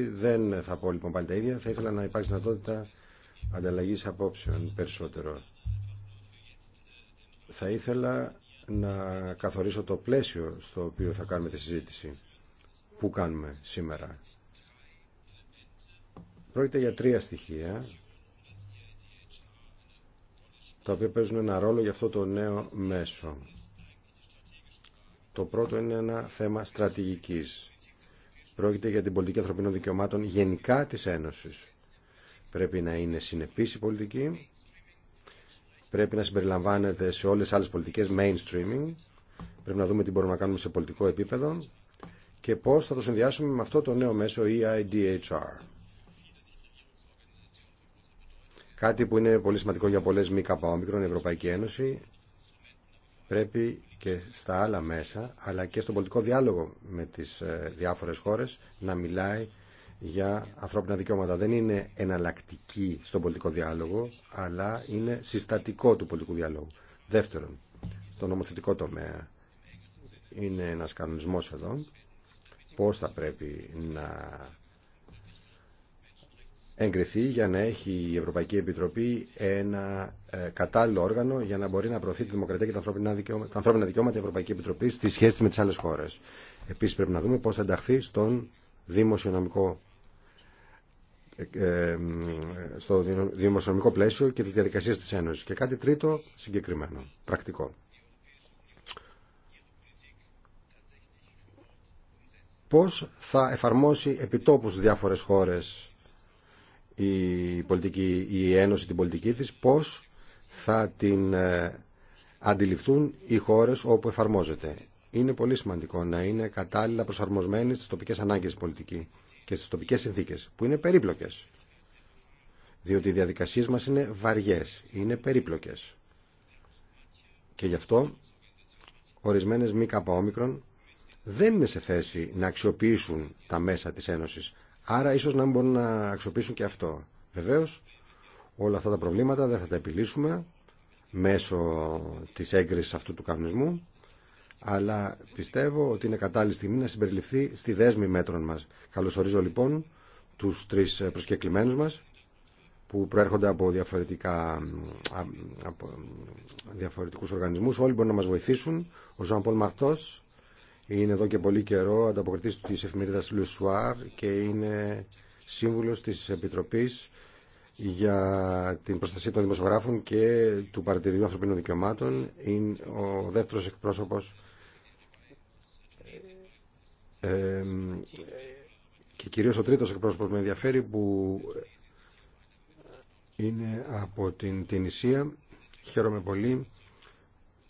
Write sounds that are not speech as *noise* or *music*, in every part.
Δεν θα πω λοιπόν πάλι τα ίδια. Θα ήθελα να υπάρξει δυνατότητα ανταλλαγή απόψεων περισσότερο. Θα ήθελα να καθορίσω το πλαίσιο στο οποίο θα κάνουμε τη συζήτηση που κάνουμε σήμερα. Πρόκειται για τρία στοιχεία τα οποία παίζουν ένα ρόλο για αυτό το νέο μέσο. Το πρώτο είναι ένα θέμα στρατηγικής. Πρόκειται για την πολιτική ανθρωπίνων δικαιωμάτων γενικά της Ένωσης. Πρέπει να είναι συνεπής η πολιτική, πρέπει να συμπεριλαμβάνεται σε όλες τις άλλες πολιτικές mainstreaming, πρέπει να δούμε τι μπορούμε να κάνουμε σε πολιτικό επίπεδο και πώς θα το συνδυάσουμε με αυτό το νέο μέσο EIDHR. Κάτι που είναι πολύ σημαντικό για πολλές μη ΚΑΠΑΟΜΙΚΡΟΝ, η Ευρωπαϊκή Ένωση πρέπει και στα άλλα μέσα, αλλά και στον πολιτικό διάλογο με τις ε, διάφορες χώρες, να μιλάει για ανθρώπινα δικαιώματα. Δεν είναι εναλλακτική στον πολιτικό διάλογο, αλλά είναι συστατικό του πολιτικού διάλογου. Δεύτερον, στο νομοθετικό τομέα είναι ένας κανονισμός εδώ, πώς θα πρέπει να εγκριθεί για να έχει η Ευρωπαϊκή Επιτροπή ένα ε, κατάλληλο όργανο για να μπορεί να προωθεί τη δημοκρατία και τα ανθρώπινα δικαιώματα, τα ανθρώπινα δικαιώματα η Ευρωπαϊκή Επιτροπή στη σχέση με τι άλλε χώρε. Επίση πρέπει να δούμε πώ θα ενταχθεί στον δημοσιονομικό ε, στο δημοσιονομικό πλαίσιο και τις διαδικασίες της Ένωσης. Και κάτι τρίτο συγκεκριμένο, πρακτικό. Πώς θα εφαρμόσει επιτόπους διάφορες χώρες η, πολιτική, η Ένωση την πολιτική της, πώς θα την ε, αντιληφθούν οι χώρες όπου εφαρμόζεται. Είναι πολύ σημαντικό να είναι κατάλληλα προσαρμοσμένη στις τοπικές ανάγκες πολιτική και στις τοπικές συνθήκες, που είναι περίπλοκες. Διότι οι διαδικασίες μας είναι βαριές, είναι περίπλοκες. Και γι' αυτό ορισμένες μη καπαόμικρον δεν είναι σε θέση να αξιοποιήσουν τα μέσα της Ένωσης. Άρα ίσω να μην μπορούν να αξιοποιήσουν και αυτό. Βεβαίω, όλα αυτά τα προβλήματα δεν θα τα επιλύσουμε μέσω τη έγκριση αυτού του κανονισμού αλλά πιστεύω ότι είναι κατάλληλη στιγμή να συμπεριληφθεί στη δέσμη μέτρων μα. Καλωσορίζω λοιπόν του τρει προσκεκλημένους μα που προέρχονται από, διαφορετικά, από διαφορετικούς οργανισμούς. Όλοι μπορούν να μας βοηθήσουν. Ο Ζωάν Πολ είναι εδώ και πολύ καιρό ανταποκριτής της εφημερίδας Λουσουάρ και είναι σύμβουλος της Επιτροπής για την προστασία των δημοσιογράφων και του Παρατηρητήριου Ανθρωπίνων Δικαιωμάτων. Είναι ο δεύτερος εκπρόσωπος και κυρίως ο τρίτος εκπρόσωπος που με ενδιαφέρει που είναι από την Τινησία. Χαίρομαι πολύ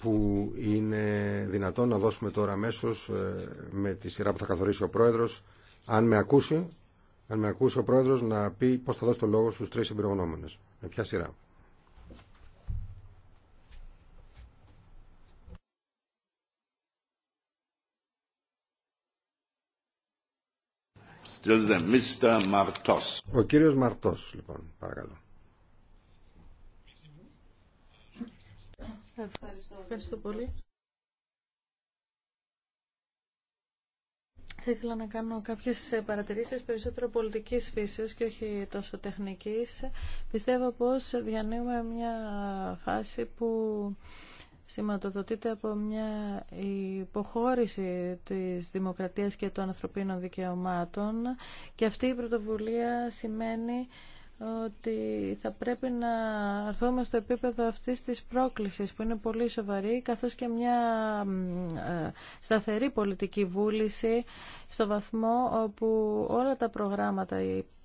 που είναι δυνατόν να δώσουμε τώρα αμέσω ε, με τη σειρά που θα καθορίσει ο Πρόεδρος αν με ακούσει, αν με ακούσει ο Πρόεδρος να πει πώς θα δώσει το λόγο στους τρεις εμπειρογνώμονες. Με ποια σειρά. Ο κύριος Μαρτός, λοιπόν, παρακαλώ. Ευχαριστώ, πολύ. Θα ήθελα να κάνω κάποιες παρατηρήσεις περισσότερο πολιτικής φύσεως και όχι τόσο τεχνικής. Πιστεύω πως διανύουμε μια φάση που σηματοδοτείται από μια υποχώρηση της δημοκρατίας και των ανθρωπίνων δικαιωμάτων και αυτή η πρωτοβουλία σημαίνει ότι θα πρέπει να αρθούμε στο επίπεδο αυτής της πρόκλησης που είναι πολύ σοβαρή καθώς και μια ε, σταθερή πολιτική βούληση στο βαθμό όπου όλα τα προγράμματα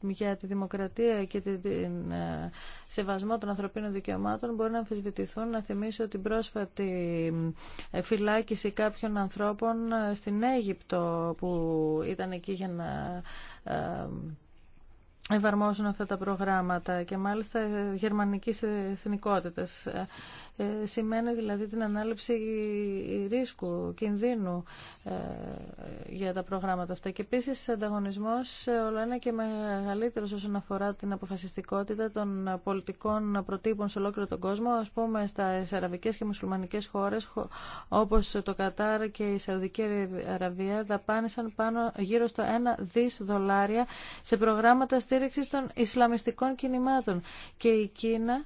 για τη δημοκρατία και την ε, σεβασμό των ανθρωπίνων δικαιωμάτων μπορεί να αμφισβητηθούν. Να θυμίσω την πρόσφατη ε, φυλάκιση κάποιων ανθρώπων στην Αίγυπτο που ήταν εκεί για να εφαρμόζουν αυτά τα προγράμματα και μάλιστα γερμανικής εθνικότητας. Ε, σημαίνει δηλαδή την ανάληψη ρίσκου, κινδύνου ε, για τα προγράμματα αυτά. Και επίση ανταγωνισμό όλο ένα και μεγαλύτερο όσον αφορά την αποφασιστικότητα των πολιτικών προτύπων σε ολόκληρο τον κόσμο, α πούμε στα αραβικέ και μουσουλμανικέ χώρε όπω το Κατάρ και η Σαουδική Αραβία δαπάνησαν πάνω γύρω στο 1 δι δολάρια σε προγράμματα στήριξη των Ισλαμιστικών κινημάτων. Και η Κίνα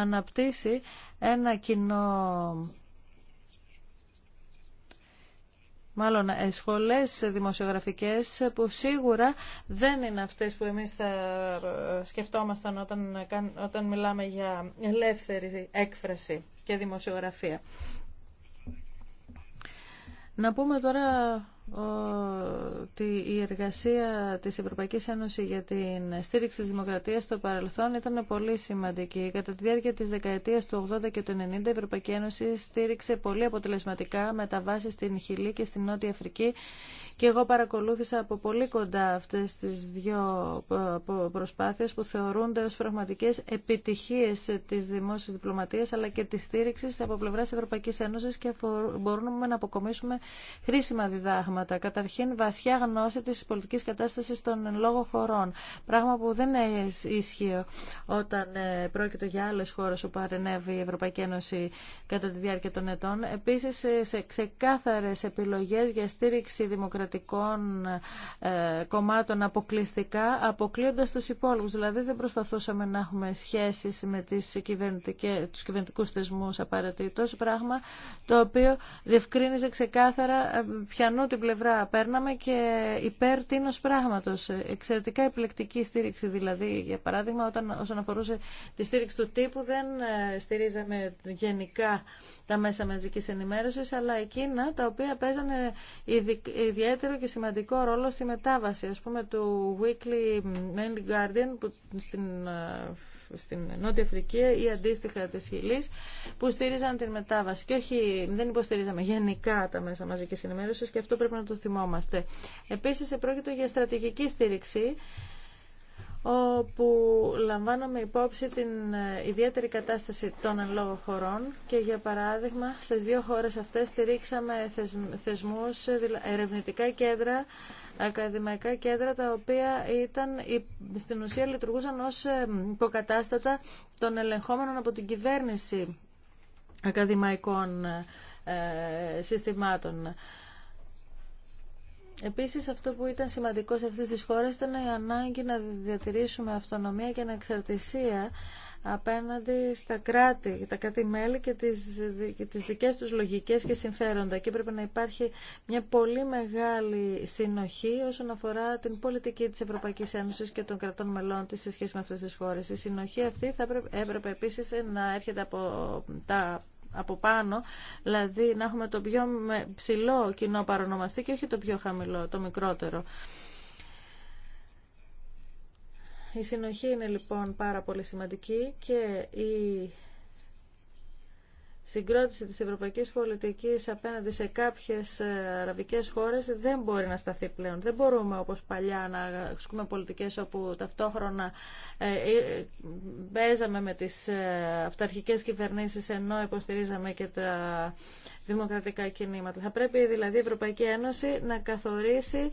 αναπτύσσει ένα κοινό μάλλον ε, σχολές δημοσιογραφικές που σίγουρα δεν είναι αυτές που εμείς θα ε, σκεφτόμασταν όταν, ε, όταν μιλάμε για ελεύθερη έκφραση και δημοσιογραφία. Να πούμε τώρα ότι η εργασία της Ευρωπαϊκής Ένωσης για την στήριξη της δημοκρατίας στο παρελθόν ήταν πολύ σημαντική. Κατά τη διάρκεια της δεκαετίας του 80 και του 90 η Ευρωπαϊκή Ένωση στήριξε πολύ αποτελεσματικά με τα βάση στην Χιλή και στην Νότια Αφρική και εγώ παρακολούθησα από πολύ κοντά αυτές τις δύο ε, προσπάθειες που θεωρούνται ως πραγματικές επιτυχίες της δημόσιας διπλωματίας αλλά και της στήριξης από πλευράς Ευρωπαϊκής Ένωσης και μπορούμε να αποκομίσουμε χρήσιμα διδάγματα Καταρχήν, βαθιά γνώση της πολιτική κατάστασης των λόγω χωρών. Πράγμα που δεν ίσχυε όταν ε, πρόκειται για άλλε χώρε που παρενέβη η Ευρωπαϊκή Ένωση κατά τη διάρκεια των ετών. Επίσης, ε, σε ξεκάθαρε επιλογές για στήριξη δημοκρατικών ε, κομμάτων αποκλειστικά, αποκλείοντα του υπόλοιπου. Δηλαδή, δεν προσπαθούσαμε να έχουμε σχέσει με του κυβερνητικού θεσμού απαραίτητο, πράγμα το οποίο διευκρίνησε ξεκάθαρα πιανού την πλευρά παίρναμε και υπέρ τίνο πράγματος. Εξαιρετικά επιλεκτική στήριξη δηλαδή. Για παράδειγμα, όταν, όσον αφορούσε τη στήριξη του τύπου, δεν ε, στηρίζαμε γενικά τα μέσα μαζικής ενημέρωσης, αλλά εκείνα τα οποία παίζανε ιδιαίτερο και σημαντικό ρόλο στη μετάβαση. Ας πούμε, του Weekly Mail Guardian, που στην ε, στην Νότια Αφρική ή αντίστοιχα τη Χιλή που στήριζαν την μετάβαση και όχι δεν υποστηρίζαμε γενικά τα μέσα μαζική ενημέρωση και αυτό πρέπει να το θυμόμαστε. Επίσης επρόκειτο για στρατηγική στήριξη όπου λαμβάνομαι υπόψη την ε, ιδιαίτερη κατάσταση των εν λόγω χωρών και για παράδειγμα στις δύο χώρες αυτές στηρίξαμε θεσμούς, ερευνητικά κέντρα ακαδημαϊκά κέντρα τα οποία ήταν, στην ουσία λειτουργούσαν ως ε, υποκατάστατα των ελεγχόμενων από την κυβέρνηση ακαδημαϊκών ε, συστημάτων. Επίσης αυτό που ήταν σημαντικό σε αυτές τις χώρες ήταν η ανάγκη να διατηρήσουμε αυτονομία και ανεξαρτησία απέναντι στα κράτη, τα κράτη-μέλη και τις, και τις δικές τους λογικές και συμφέροντα. Και πρέπει να υπάρχει μια πολύ μεγάλη συνοχή όσον αφορά την πολιτική της Ευρωπαϊκής Ένωσης και των κρατών μελών της σε σχέση με αυτές τις χώρες. Η συνοχή αυτή θα έπρεπε, έπρεπε επίσης να έρχεται από τα από πάνω, δηλαδή να έχουμε το πιο ψηλό κοινό παρονομαστή και όχι το πιο χαμηλό, το μικρότερο. Η συνοχή είναι λοιπόν πάρα πολύ σημαντική και η συγκρότηση της ευρωπαϊκής πολιτικής απέναντι σε κάποιες ε, αραβικές χώρες δεν μπορεί να σταθεί πλέον. Δεν μπορούμε όπως παλιά να ασκούμε πολιτικές όπου ταυτόχρονα ε, ε, παίζαμε με τις αυταρχικές κυβερνήσεις ενώ υποστηρίζαμε και τα δημοκρατικά κινήματα. Θα πρέπει δηλαδή η Ευρωπαϊκή Ένωση να καθορίσει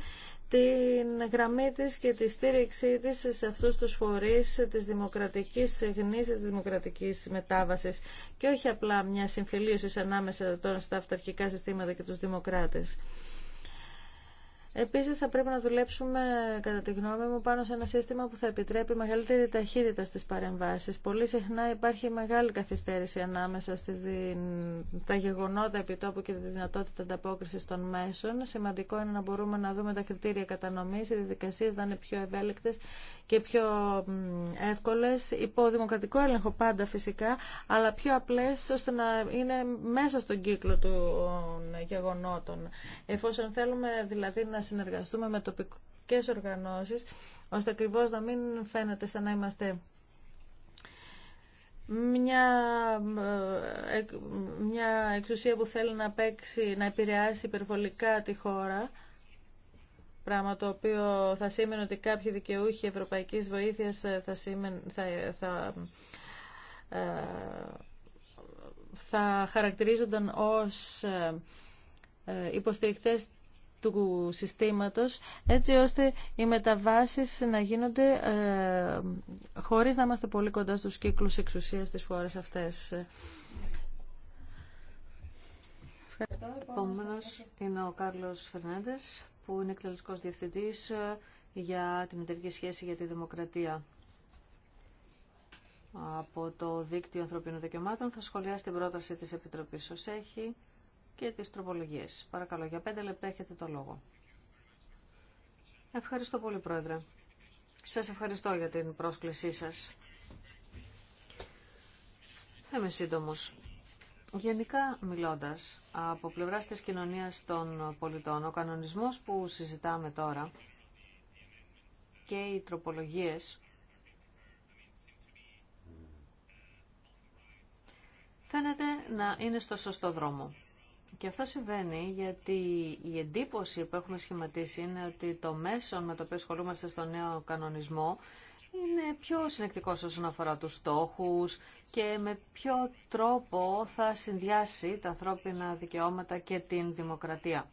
την γραμμή της και τη στήριξή της σε αυτούς τους φορείς της δημοκρατικής γνήσης, της δημοκρατικής μετάβασης και όχι απλά μια συμφιλίωση ανάμεσα τώρα στα αυταρχικά συστήματα και τους δημοκράτες. Επίσης θα πρέπει να δουλέψουμε κατά τη γνώμη μου πάνω σε ένα σύστημα που θα επιτρέπει μεγαλύτερη ταχύτητα στις παρεμβάσεις. Πολύ συχνά υπάρχει μεγάλη καθυστέρηση ανάμεσα στις τα γεγονότα επιτόπου και τη δυνατότητα ανταπόκρισης των μέσων. Σημαντικό είναι να μπορούμε να δούμε τα κριτήρια κατανομής, οι διαδικασίε να είναι πιο ευέλικτε και πιο εύκολε, υπό δημοκρατικό έλεγχο πάντα φυσικά, αλλά πιο απλέ, ώστε να είναι μέσα στον κύκλο των γεγονότων. Εφόσον θέλουμε δηλαδή να συνεργαστούμε με τοπικές οργανώσεις, ώστε ακριβώ να μην φαίνεται σαν να είμαστε μια, ε, μια εξουσία που θέλει να παίξει, να επηρεάσει υπερβολικά τη χώρα, πράγμα το οποίο θα σήμαινε ότι κάποιοι δικαιούχοι ευρωπαϊκής βοήθειας ε, θα, σήμαινε, θα, θα, ε, θα χαρακτηρίζονταν ως υποστηρικτές του συστήματος έτσι ώστε οι μεταβάσεις να γίνονται ε, χωρίς να είμαστε πολύ κοντά στους κύκλους εξουσίας στις χώρες αυτές. Ευχαριστώ. είναι ο Κάρλος Φερνάντες που είναι εκτελεστικός διευθυντής ε, για την εταιρική σχέση για τη δημοκρατία από το Δίκτυο Ανθρωπίνων Δικαιωμάτων θα σχολιάσει την πρόταση της Επιτροπής ως έχει και τις τροπολογίες. Παρακαλώ, για πέντε λεπτά έχετε το λόγο. Ευχαριστώ πολύ, Πρόεδρε. Σας ευχαριστώ για την πρόσκλησή σας. Θα είμαι σύντομος. Γενικά μιλώντας, από πλευράς της κοινωνίας των πολιτών, ο κανονισμός που συζητάμε τώρα και οι τροπολογίες φαίνεται να είναι στο σωστό δρόμο. Και αυτό συμβαίνει γιατί η εντύπωση που έχουμε σχηματίσει είναι ότι το μέσο με το οποίο ασχολούμαστε στο νέο κανονισμό είναι πιο συνεκτικό όσον αφορά τους στόχους και με ποιο τρόπο θα συνδυάσει τα ανθρώπινα δικαιώματα και την δημοκρατία.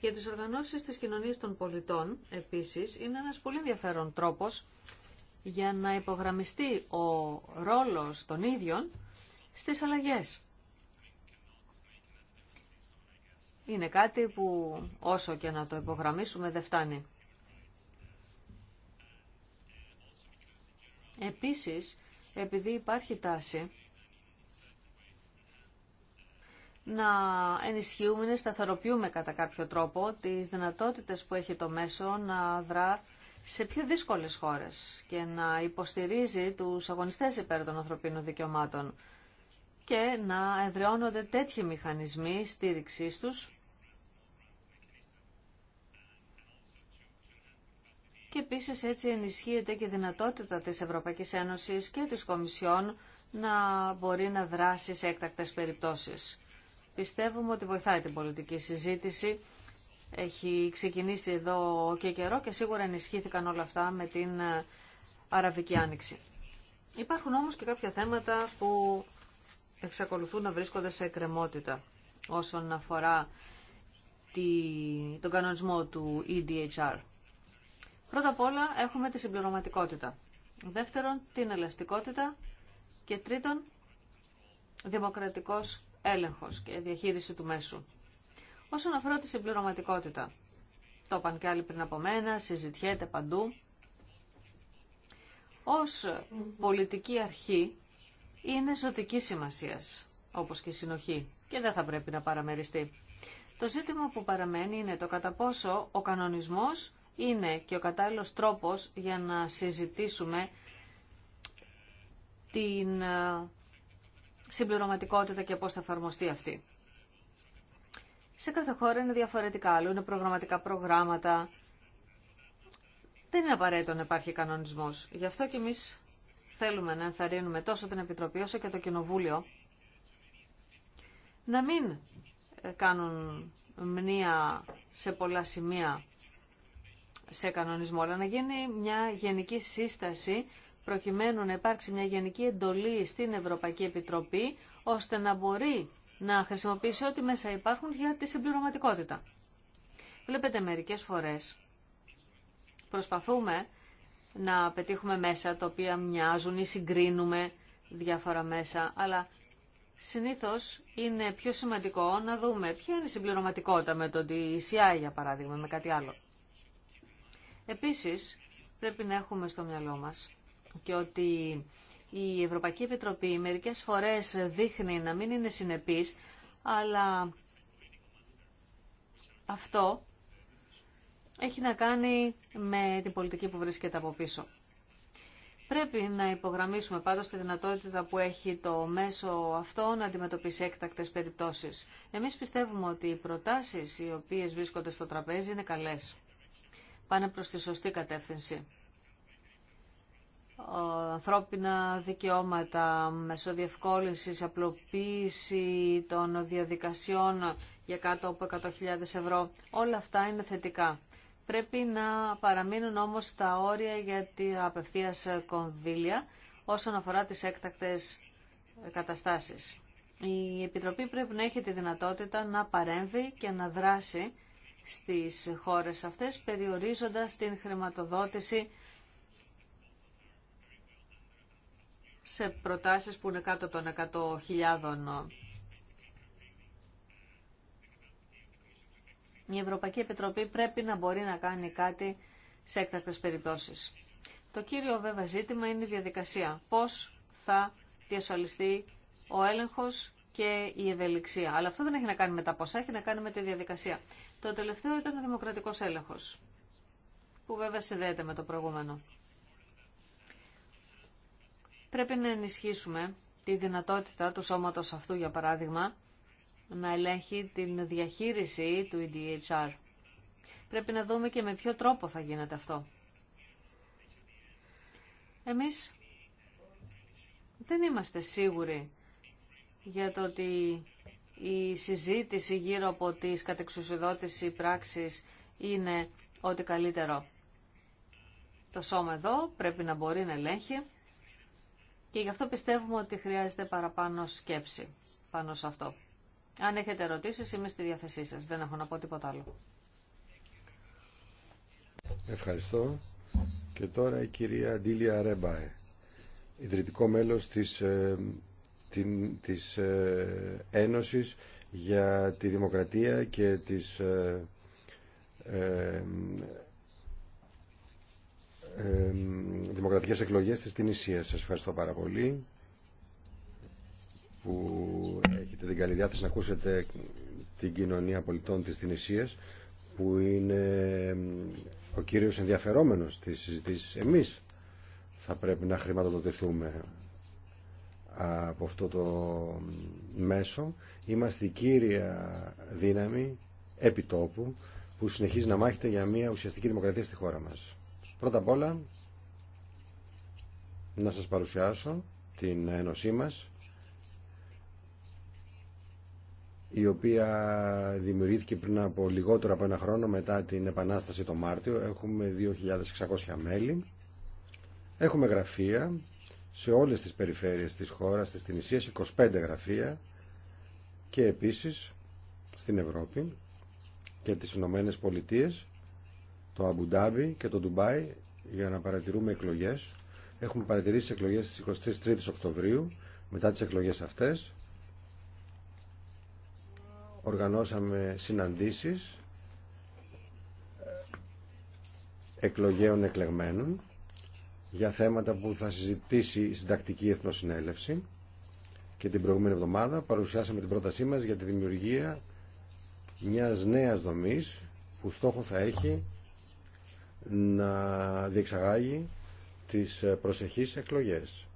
Για τις οργανώσεις της κοινωνίας των πολιτών, επίσης, είναι ένας πολύ ενδιαφέρον τρόπος για να υπογραμμιστεί ο ρόλος των ίδιων στις αλλαγές. είναι κάτι που όσο και να το υπογραμμίσουμε δεν φτάνει. Επίσης, επειδή υπάρχει τάση να ενισχύουμε, να σταθεροποιούμε κατά κάποιο τρόπο τις δυνατότητες που έχει το μέσο να δρά σε πιο δύσκολες χώρες και να υποστηρίζει τους αγωνιστές υπέρ των ανθρωπίνων δικαιωμάτων και να εδραιώνονται τέτοιοι μηχανισμοί στήριξής τους και επίσης έτσι ενισχύεται και η δυνατότητα της Ευρωπαϊκής Ένωσης και της Κομισιόν να μπορεί να δράσει σε έκτακτες περιπτώσεις. Πιστεύουμε ότι βοηθάει την πολιτική συζήτηση. Έχει ξεκινήσει εδώ και καιρό και σίγουρα ενισχύθηκαν όλα αυτά με την Αραβική Άνοιξη. Υπάρχουν όμως και κάποια θέματα που εξακολουθούν να βρίσκονται σε εκκρεμότητα όσον αφορά τη, τον κανονισμό του EDHR. Πρώτα απ' όλα έχουμε τη συμπληρωματικότητα. Δεύτερον, την ελαστικότητα. Και τρίτον, δημοκρατικός έλεγχος και διαχείριση του μέσου. Όσον αφορά τη συμπληρωματικότητα, το είπαν και άλλοι πριν από μένα, συζητιέται παντού. Ως πολιτική αρχή είναι ζωτική σημασία, όπως και συνοχή, και δεν θα πρέπει να παραμεριστεί. Το ζήτημα που παραμένει είναι το κατά πόσο ο κανονισμός είναι και ο κατάλληλος τρόπος για να συζητήσουμε την ε, συμπληρωματικότητα και πώς θα εφαρμοστεί αυτή. Σε κάθε χώρα είναι διαφορετικά, άλλο, είναι προγραμματικά προγράμματα. Δεν είναι απαραίτητο να υπάρχει κανονισμός. Γι' αυτό θέλουμε να ενθαρρύνουμε τόσο την Επιτροπή όσο και το Κοινοβούλιο να μην ε, κάνουν μνήα σε πολλά σημεία σε κανονισμό, αλλά να γίνει μια γενική σύσταση προκειμένου να υπάρξει μια γενική εντολή στην Ευρωπαϊκή Επιτροπή, ώστε να μπορεί να χρησιμοποιήσει ό,τι μέσα υπάρχουν για τη συμπληρωματικότητα. Βλέπετε μερικές φορές προσπαθούμε να πετύχουμε μέσα τα οποία μοιάζουν ή συγκρίνουμε διάφορα μέσα, αλλά συνήθως είναι πιο σημαντικό να δούμε ποια είναι η συμπληρωματικότητα με το DCI, για παράδειγμα, με κάτι άλλο. Επίσης, πρέπει να έχουμε στο μυαλό μας και ότι η Ευρωπαϊκή Επιτροπή μερικές φορές δείχνει να μην είναι συνεπής, αλλά αυτό έχει να κάνει με την πολιτική που βρίσκεται από πίσω. Πρέπει να υπογραμμίσουμε πάντως τη δυνατότητα που έχει το μέσο αυτό να αντιμετωπίσει έκτακτες περιπτώσεις. Εμείς πιστεύουμε ότι οι προτάσεις οι οποίες βρίσκονται στο τραπέζι είναι καλές. Πάνε προς τη σωστή κατεύθυνση. Ανθρώπινα δικαιώματα, μεσοδιευκόλυνση, απλοποίηση των διαδικασιών για κάτω από 100.000 ευρώ. Όλα αυτά είναι θετικά. Πρέπει να παραμείνουν όμως τα όρια για την απευθείας κονδύλια όσον αφορά τις έκτακτες καταστάσεις. Η Επιτροπή πρέπει να έχει τη δυνατότητα να παρέμβει και να δράσει στις χώρες αυτές, περιορίζοντας την χρηματοδότηση σε προτάσεις που είναι κάτω των 100.000 Η Ευρωπαϊκή Επιτροπή πρέπει να μπορεί να κάνει κάτι σε έκτακτες περιπτώσεις. Το κύριο βέβαια ζήτημα είναι η διαδικασία. Πώς θα διασφαλιστεί ο έλεγχος και η ευελιξία. Αλλά αυτό δεν έχει να κάνει με τα ποσά, έχει να κάνει με τη διαδικασία. Το τελευταίο ήταν ο δημοκρατικός έλεγχος, που βέβαια συνδέεται με το προηγούμενο. Πρέπει να ενισχύσουμε τη δυνατότητα του σώματος αυτού, για παράδειγμα, να ελέγχει την διαχείριση του EDHR. Πρέπει να δούμε και με ποιο τρόπο θα γίνεται αυτό. Εμείς δεν είμαστε σίγουροι για το ότι η συζήτηση γύρω από τις κατεξουσιοδότηση πράξεις είναι ό,τι καλύτερο. Το σώμα εδώ πρέπει να μπορεί να ελέγχει και γι' αυτό πιστεύουμε ότι χρειάζεται παραπάνω σκέψη πάνω σε αυτό. Αν έχετε ερωτήσεις είμαι στη διάθεσή σας. Δεν έχω να πω τίποτα άλλο. Ευχαριστώ. Και τώρα η κυρία Ντίλια Ρέμπαε, ιδρυτικό μέλος της, ε, την, της ε, Ένωσης για τη Δημοκρατία και της ε, ε, ε, ε, δημοκρατικές εκλογές της Τινησίας. Σας ευχαριστώ πάρα πολύ που έχετε την καλή διάθεση να ακούσετε την κοινωνία πολιτών της Τινησίας που είναι ο κύριος ενδιαφερόμενος της συζητήσης. Εμείς θα πρέπει να χρηματοδοτηθούμε από αυτό το μέσο. Είμαστε η κύρια δύναμη επιτόπου που συνεχίζει να μάχεται για μια ουσιαστική δημοκρατία στη χώρα μας. Πρώτα απ' όλα να σας παρουσιάσω την ένωσή μας η οποία δημιουργήθηκε πριν από λιγότερο από ένα χρόνο μετά την Επανάσταση το Μάρτιο. Έχουμε 2.600 μέλη. Έχουμε γραφεία σε όλες τις περιφέρειες της χώρας, στις Τινησίες, 25 γραφεία και επίσης στην Ευρώπη και τις Ηνωμένε Πολιτείε, το Αμπουντάμπι και το Ντουμπάι για να παρατηρούμε εκλογές. Έχουμε παρατηρήσει εκλογές στις 23 Οκτωβρίου. Μετά τις εκλογές αυτές οργανώσαμε συναντήσεις εκλογέων εκλεγμένων για θέματα που θα συζητήσει η Συντακτική Εθνοσυνέλευση και την προηγούμενη εβδομάδα παρουσιάσαμε την πρότασή μας για τη δημιουργία μιας νέας δομής που στόχο θα έχει να διεξαγάγει τις προσεχείς εκλογές.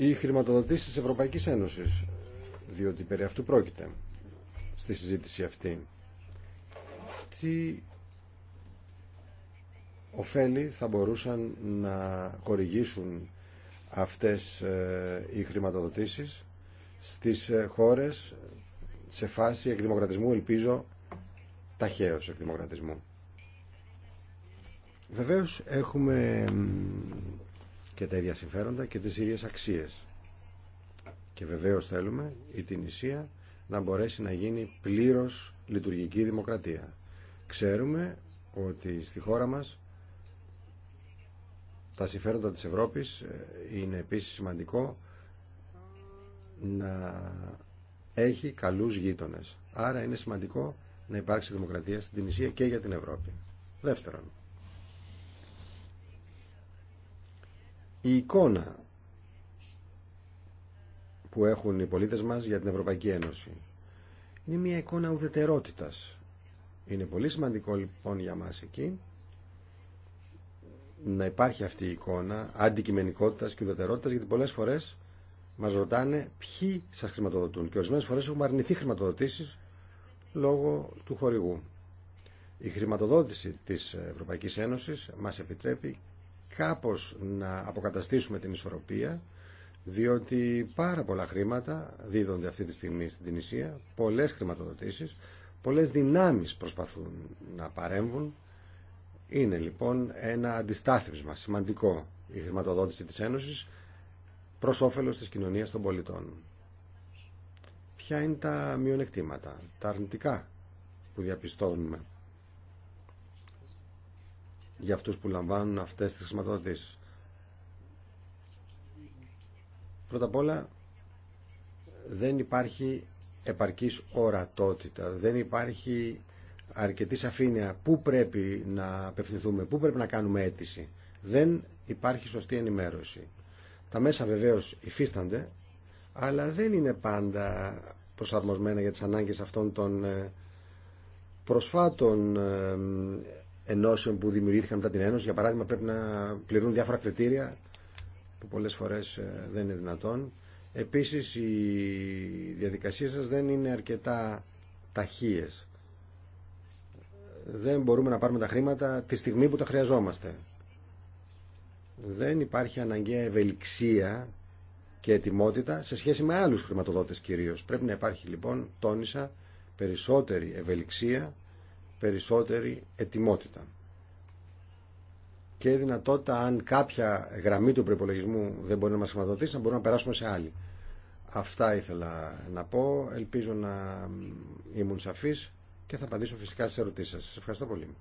ή χρηματοδοτήσεις της Ευρωπαϊκής Ένωσης, διότι περί αυτού πρόκειται στη συζήτηση αυτή. Τι ωφέλη θα μπορούσαν να χορηγήσουν αυτές ε, οι χρηματοδοτήσεις στις ε, χώρες σε φάση εκδημοκρατισμού, ελπίζω, ταχαίως εκδημοκρατισμού. Βεβαίως έχουμε και τα ίδια συμφέροντα και τις ίδιες αξίες. Και βεβαίως θέλουμε η Τινησία να μπορέσει να γίνει πλήρως λειτουργική δημοκρατία. Ξέρουμε ότι στη χώρα μας τα συμφέροντα της Ευρώπης ε, είναι επίσης σημαντικό να έχει καλούς γείτονες. Άρα είναι σημαντικό να υπάρξει δημοκρατία στην Τινησία και για την Ευρώπη. Δεύτερον, η εικόνα που έχουν οι πολίτες μας για την Ευρωπαϊκή Ένωση. Είναι μια εικόνα ουδετερότητας. Είναι πολύ σημαντικό λοιπόν για μας εκεί να υπάρχει αυτή η εικόνα αντικειμενικότητας και ουδετερότητας γιατί πολλές φορές μας ρωτάνε ποιοι σας χρηματοδοτούν και ορισμένες φορές έχουμε αρνηθεί χρηματοδοτήσεις λόγω του χορηγού. Η χρηματοδότηση της Ευρωπαϊκής Ένωσης μας επιτρέπει κάπως να αποκαταστήσουμε την ισορροπία διότι πάρα πολλά χρήματα δίδονται αυτή τη στιγμή στην Τινησία, πολλές χρηματοδοτήσεις, πολλές δυνάμεις προσπαθούν να παρέμβουν. Είναι λοιπόν ένα αντιστάθμισμα σημαντικό η χρηματοδότηση της Ένωσης προς όφελος της κοινωνίας των πολιτών. Ποια είναι τα μειονεκτήματα, τα αρνητικά που διαπιστώνουμε για αυτούς που λαμβάνουν αυτές τις χρηματοδοτήσεις. Πρώτα απ' όλα δεν υπάρχει επαρκής ορατότητα, δεν υπάρχει αρκετή σαφήνεια πού πρέπει να απευθυνθούμε, πού πρέπει να κάνουμε αίτηση. Δεν υπάρχει σωστή ενημέρωση. Τα μέσα βεβαίως υφίστανται, αλλά δεν είναι πάντα προσαρμοσμένα για τις ανάγκες αυτών των ε, προσφάτων ε, ενώσεων που δημιουργήθηκαν μετά την Ένωση. Για παράδειγμα, πρέπει να πληρούν διάφορα κριτήρια που πολλές φορές ε, δεν είναι δυνατόν. Επίσης, οι διαδικασία σας δεν είναι αρκετά ταχείε. Δεν μπορούμε να πάρουμε τα χρήματα τη στιγμή που τα χρειαζόμαστε. Δεν υπάρχει αναγκαία ευελιξία και ετοιμότητα σε σχέση με άλλους χρηματοδότες κυρίως. Πρέπει να υπάρχει λοιπόν, τόνισα, περισσότερη ευελιξία περισσότερη ετοιμότητα και δυνατότητα αν κάποια γραμμή του προπολογισμού δεν μπορεί να μας χρηματοδοτήσει να μπορούμε να περάσουμε σε άλλη. Αυτά ήθελα να πω. Ελπίζω να ήμουν σαφής και θα απαντήσω φυσικά στις ερωτήσεις σας. Σας ευχαριστώ πολύ.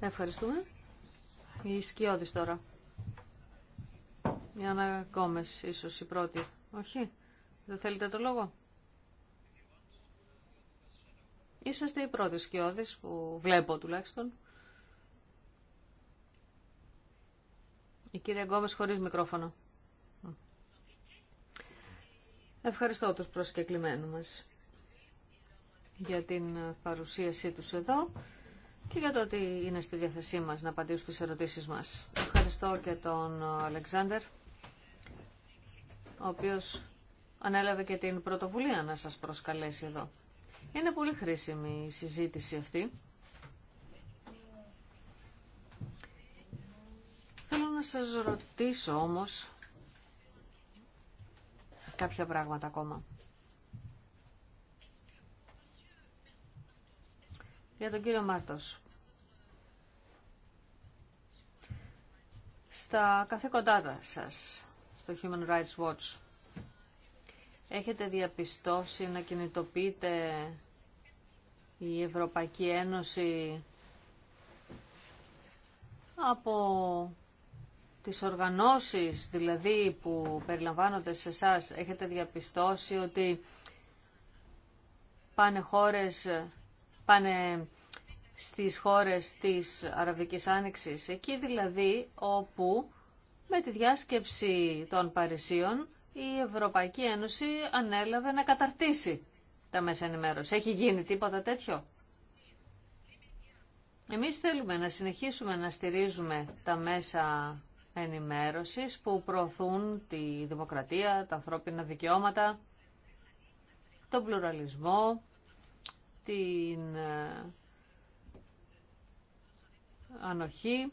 Ευχαριστούμε. Η Σκιώδης τώρα. Η να ίσως η πρώτη. Όχι. Δεν θέλετε το λόγο. Είσαστε οι πρώτοι σκιώδεις που βλέπω τουλάχιστον. Η κυρία Γκόμες χωρίς μικρόφωνο. Ευχαριστώ τους προσκεκλημένους μας για την παρουσίασή τους εδώ και για το ότι είναι στη διάθεσή μας να απαντήσουν τις ερωτήσεις μας. Ευχαριστώ και τον Αλεξάνδερ, ο οποίος ανέλαβε και την πρωτοβουλία να σας προσκαλέσει εδώ. Είναι πολύ χρήσιμη η συζήτηση αυτή. Θέλω να σας ρωτήσω όμως κάποια πράγματα ακόμα. Για τον κύριο Μάρτος. Στα καθήκοντά σας, στο Human Rights Watch, έχετε διαπιστώσει να κινητοποιείτε η Ευρωπαϊκή Ένωση από τις οργανώσεις δηλαδή που περιλαμβάνονται σε εσά έχετε διαπιστώσει ότι πάνε χώρες, πάνε στις χώρες της Αραβικής Άνοιξης, εκεί δηλαδή όπου με τη διάσκεψη των Παρισίων η Ευρωπαϊκή Ένωση ανέλαβε να καταρτήσει τα μέσα ενημέρωση. Έχει γίνει τίποτα τέτοιο. Εμείς θέλουμε να συνεχίσουμε να στηρίζουμε τα μέσα ενημέρωσης που προωθούν τη δημοκρατία, τα ανθρώπινα δικαιώματα, τον πλουραλισμό, την ε, ανοχή.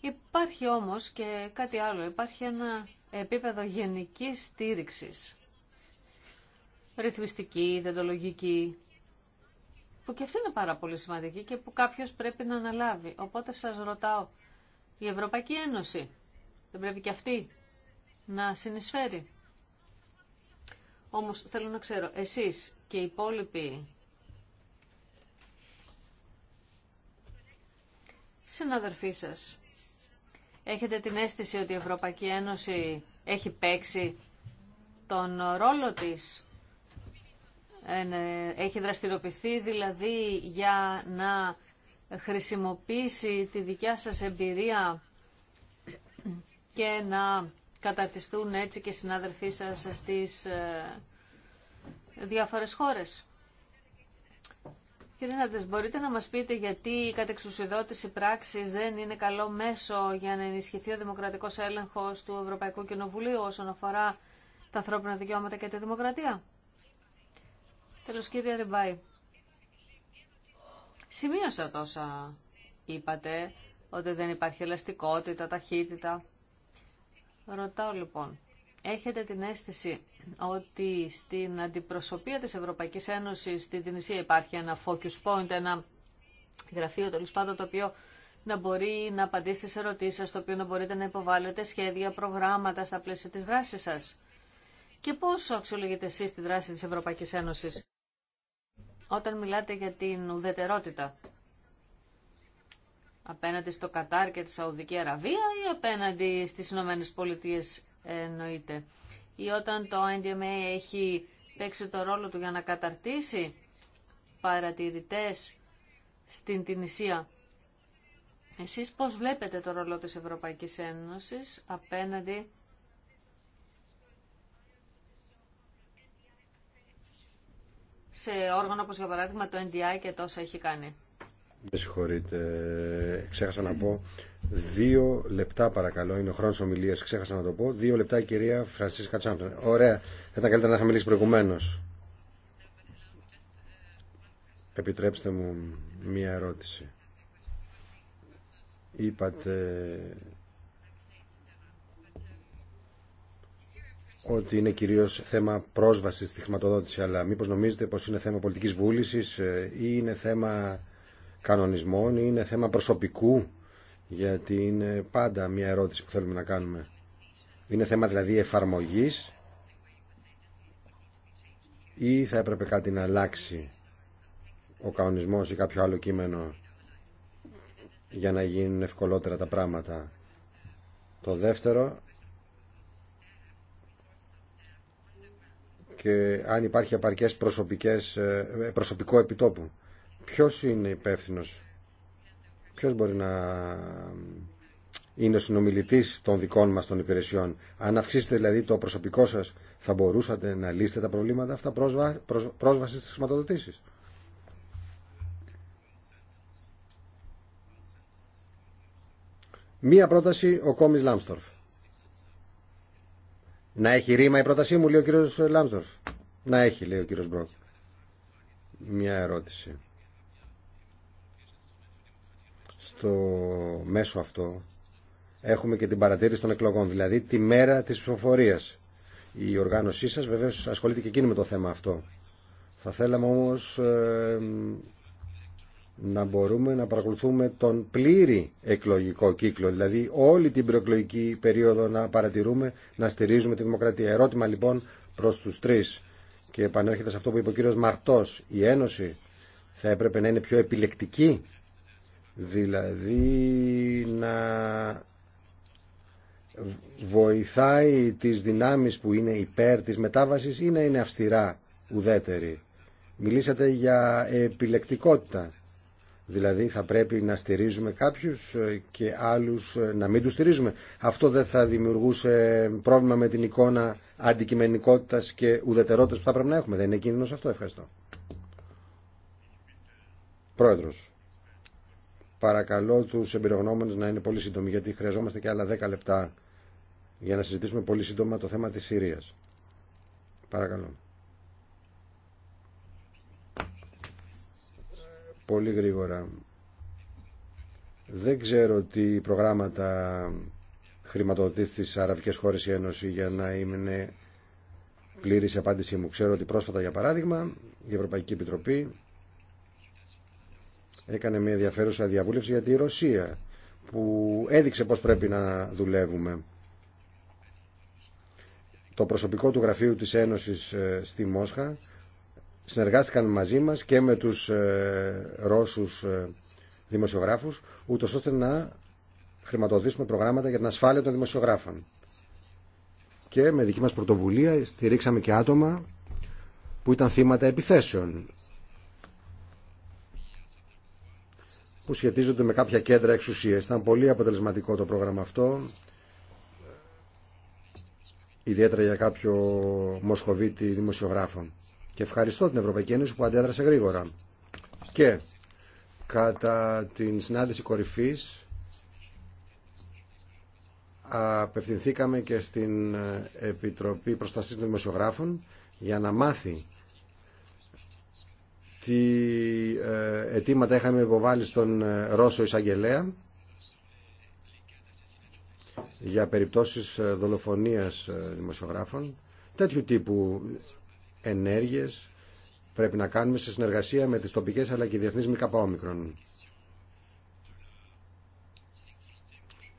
Υπάρχει όμως και κάτι άλλο. Υπάρχει ένα επίπεδο γενικής στήριξης, ρυθμιστική, δεντολογική, που και αυτή είναι πάρα πολύ σημαντική και που κάποιος πρέπει να αναλάβει. Οπότε σας ρωτάω, η Ευρωπαϊκή Ένωση δεν πρέπει και αυτή να συνεισφέρει. Όμως θέλω να ξέρω, εσείς και οι υπόλοιποι συναδελφοί σας, Έχετε την αίσθηση ότι η Ευρωπαϊκή Ένωση έχει παίξει τον ρόλο της. Ε, έχει δραστηριοποιηθεί δηλαδή για να χρησιμοποιήσει τη δικιά σας εμπειρία και να καταρτιστούν έτσι και συνάδελφοί σας στις ε, διάφορες χώρες. Κύριε Νάντες, μπορείτε να μας πείτε γιατί η κατεξουσιοδότηση πράξης δεν είναι καλό μέσο για να ενισχυθεί ο δημοκρατικός έλεγχος του Ευρωπαϊκού Κοινοβουλίου όσον αφορά τα ανθρώπινα δικαιώματα και τη δημοκρατία. Τέλος κύριε Ριμπάη. σημείωσα τόσα είπατε ότι δεν υπάρχει ελαστικότητα, ταχύτητα. Ρωτάω λοιπόν, έχετε την αίσθηση ότι στην αντιπροσωπεία της Ευρωπαϊκής Ένωσης στην Τινησία υπάρχει ένα focus point, ένα γραφείο τέλο πάντων το οποίο να μπορεί να απαντήσει στις ερωτήσεις σας, το οποίο να μπορείτε να υποβάλλετε σχέδια, προγράμματα στα πλαίσια της δράσης σας. Και πώς αξιολογείτε εσείς τη δράση της Ευρωπαϊκής Ένωσης όταν μιλάτε για την ουδετερότητα απέναντι στο Κατάρ και τη Σαουδική Αραβία ή απέναντι στις Ηνωμένε Πολιτείε εννοείται ή όταν το NDMA έχει παίξει το ρόλο του για να καταρτήσει παρατηρητές στην Τινησία. Εσείς πώς βλέπετε το ρόλο της Ευρωπαϊκής Ένωσης απέναντι σε όργανα όπως για παράδειγμα το NDI και τόσα έχει κάνει. Με συγχωρείτε, ξέχασα να πω. Δύο λεπτά παρακαλώ, είναι ο χρόνο ομιλία, ξέχασα να το πω. Δύο λεπτά η κυρία Φρανσίσκα Τσάμπτον. Ωραία, θα ήταν καλύτερα να είχαμε μιλήσει προηγουμένω. Επιτρέψτε μου μία ερώτηση. Είπατε ότι είναι κυρίως θέμα πρόσβασης στη χρηματοδότηση, αλλά μήπως νομίζετε πως είναι θέμα πολιτικής βούλησης ε, ή είναι θέμα κανονισμών είναι θέμα προσωπικού γιατί είναι πάντα μια ερώτηση που θέλουμε να κάνουμε. Είναι θέμα δηλαδή εφαρμογής ή θα έπρεπε κάτι να αλλάξει ο κανονισμός ή κάποιο άλλο κείμενο για να γίνουν ευκολότερα τα πράγματα. Το δεύτερο και αν υπάρχει επαρκές προσωπικές, ε, προσωπικό επιτόπου ποιος είναι υπεύθυνο, ποιος μπορεί να είναι ο συνομιλητής των δικών μας των υπηρεσιών. Αν αυξήσετε δηλαδή το προσωπικό σας, θα μπορούσατε να λύσετε τα προβλήματα αυτά πρόσβασης πρόσβαση στις χρηματοδοτήσεις. Μία πρόταση ο Κόμις Λάμστορφ. Να έχει ρήμα η πρότασή μου, λέει ο κύριος Λάμστορφ. Να έχει, λέει ο κύριος Μπρόκ. Μια ερώτηση στο μέσο αυτό έχουμε και την παρατήρηση των εκλογών, δηλαδή τη μέρα της ψηφοφορίας. Η οργάνωσή σας βεβαίως ασχολείται και εκείνη με το θέμα αυτό. Θα θέλαμε όμως να μπορούμε να παρακολουθούμε τον πλήρη εκλογικό κύκλο, δηλαδή όλη την προεκλογική περίοδο να παρατηρούμε, να στηρίζουμε τη δημοκρατία. Ερώτημα λοιπόν προς τους τρεις και επανέρχεται σε αυτό που είπε ο κύριος Μαρτός, η Ένωση θα έπρεπε να είναι πιο επιλεκτική δηλαδή να βοηθάει τις δυνάμεις που είναι υπέρ της μετάβασης ή να είναι αυστηρά ουδέτερη. Μιλήσατε για επιλεκτικότητα. Δηλαδή θα πρέπει να στηρίζουμε κάποιους και άλλους να μην τους στηρίζουμε. Αυτό δεν θα δημιουργούσε πρόβλημα με την εικόνα αντικειμενικότητας και ουδετερότητας που θα πρέπει να έχουμε. Δεν είναι κίνδυνος αυτό. Ευχαριστώ. Πρόεδρος. Παρακαλώ τους εμπειρογνώμονε να είναι πολύ σύντομοι γιατί χρειαζόμαστε και άλλα 10 λεπτά για να συζητήσουμε πολύ σύντομα το θέμα της Συρίας. Παρακαλώ. Πολύ γρήγορα. Δεν ξέρω τι προγράμματα χρηματοδοτεί στις αραβικές χώρες η Ένωση για να είναι πλήρης απάντησή μου. Ξέρω ότι πρόσφατα, για παράδειγμα, η Ευρωπαϊκή Επιτροπή έκανε μια ενδιαφέρουσα διαβούλευση για τη Ρωσία που έδειξε πώς πρέπει να δουλεύουμε. Το προσωπικό του γραφείου της Ένωσης ε, στη Μόσχα συνεργάστηκαν μαζί μας και με τους ε, Ρώσους ε, δημοσιογράφους ούτω ώστε να χρηματοδοτήσουμε προγράμματα για την ασφάλεια των δημοσιογράφων. Και με δική μας πρωτοβουλία στηρίξαμε και άτομα που ήταν θύματα επιθέσεων που σχετίζονται με κάποια κέντρα εξουσίας. Ήταν πολύ αποτελεσματικό το πρόγραμμα αυτό, ιδιαίτερα για κάποιο Μοσχοβίτη δημοσιογράφων. Και ευχαριστώ την Ευρωπαϊκή Ένωση που αντέδρασε γρήγορα. Και κατά την συνάντηση κορυφής απευθυνθήκαμε και στην Επιτροπή Προστασίας των Δημοσιογράφων για να μάθει τι ε, αιτήματα είχαμε υποβάλει στον ε, Ρώσο εισαγγελέα για περιπτώσεις ε, δολοφονίας δημοσιογράφων. Τέτοιου τύπου ενέργειες πρέπει να κάνουμε σε συνεργασία με τις τοπικές αλλά και διεθνείς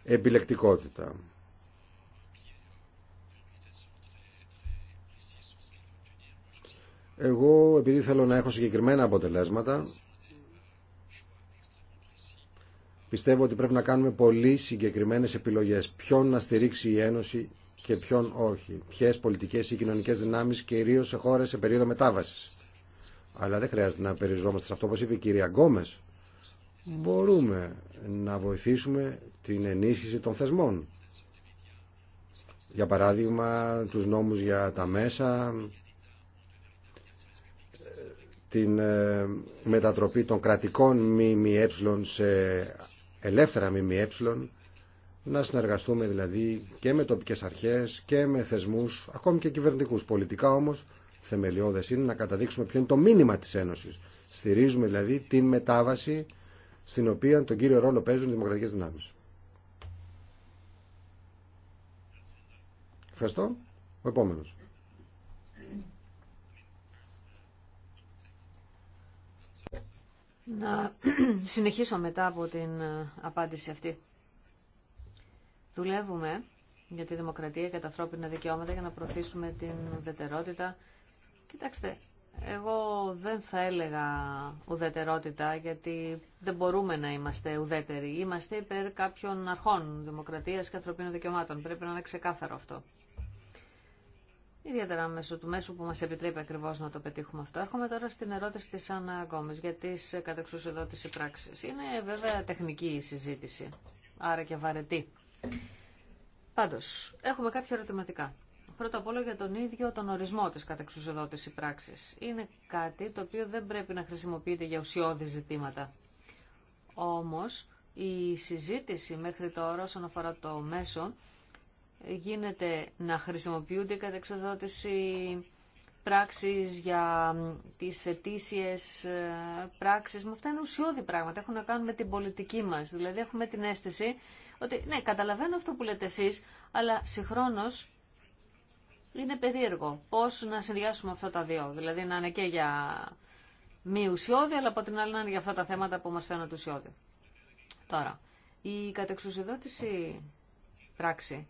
Επιλεκτικότητα. Εγώ, επειδή θέλω να έχω συγκεκριμένα αποτελέσματα, πιστεύω ότι πρέπει να κάνουμε πολύ συγκεκριμένες επιλογές. Ποιον να στηρίξει η Ένωση και ποιον όχι. Ποιες πολιτικές ή κοινωνικές δυνάμεις, κυρίως σε χώρες σε περίοδο μετάβασης. Αλλά δεν χρειάζεται να περιζόμαστε σε αυτό, όπως είπε η κυρία Γκόμες. Μπορούμε να βοηθήσουμε την ενίσχυση των θεσμών. Για παράδειγμα, τους νόμους για τα μέσα, την ε, μετατροπή των κρατικών ΜΜΕ σε ελεύθερα ΜΜΕ, να συνεργαστούμε δηλαδή και με τοπικές αρχές και με θεσμούς, ακόμη και κυβερνητικούς. Πολιτικά όμως θεμελιώδες είναι να καταδείξουμε ποιο είναι το μήνυμα της Ένωσης. Στηρίζουμε δηλαδή την μετάβαση στην οποία τον κύριο ρόλο παίζουν οι δημοκρατικές δυνάμεις. Ευχαριστώ. Ο επόμενος. να *clears throat* συνεχίσω μετά από την ε, απάντηση αυτή. Δουλεύουμε για τη δημοκρατία και τα ανθρώπινα δικαιώματα για να προωθήσουμε την ουδετερότητα. Κοιτάξτε, εγώ δεν θα έλεγα ουδετερότητα γιατί δεν μπορούμε να είμαστε ουδέτεροι. Είμαστε υπέρ κάποιων αρχών δημοκρατίας και ανθρωπίνων δικαιωμάτων. Πρέπει να είναι ξεκάθαρο αυτό ιδιαίτερα μέσω του μέσου που μα επιτρέπει ακριβώ να το πετύχουμε αυτό. Έρχομαι τώρα στην ερώτηση τη Άννα Γκόμε για τι κατεξουσιοδότηση πράξη. Είναι βέβαια τεχνική η συζήτηση, άρα και βαρετή. Πάντω, έχουμε κάποια ερωτηματικά. Πρώτα απ' όλα για τον ίδιο τον ορισμό τη κατεξουσιοδότηση πράξη. Είναι κάτι το οποίο δεν πρέπει να χρησιμοποιείται για ουσιώδη ζητήματα. Όμω, η συζήτηση μέχρι τώρα όσον αφορά το μέσο γίνεται να χρησιμοποιούνται κατά εξοδότηση πράξεις για τις ετήσιες ε, πράξεις. Με αυτά είναι ουσιώδη πράγματα, έχουν να κάνουν με την πολιτική μας. Δηλαδή έχουμε την αίσθηση ότι ναι, καταλαβαίνω αυτό που λέτε εσείς, αλλά συγχρόνως είναι περίεργο πώς να συνδυάσουμε αυτά τα δύο. Δηλαδή να είναι και για μη ουσιώδη, αλλά από την άλλη να είναι για αυτά τα θέματα που μας φαίνονται ουσιώδη. Τώρα, η κατεξουσιοδότηση πράξη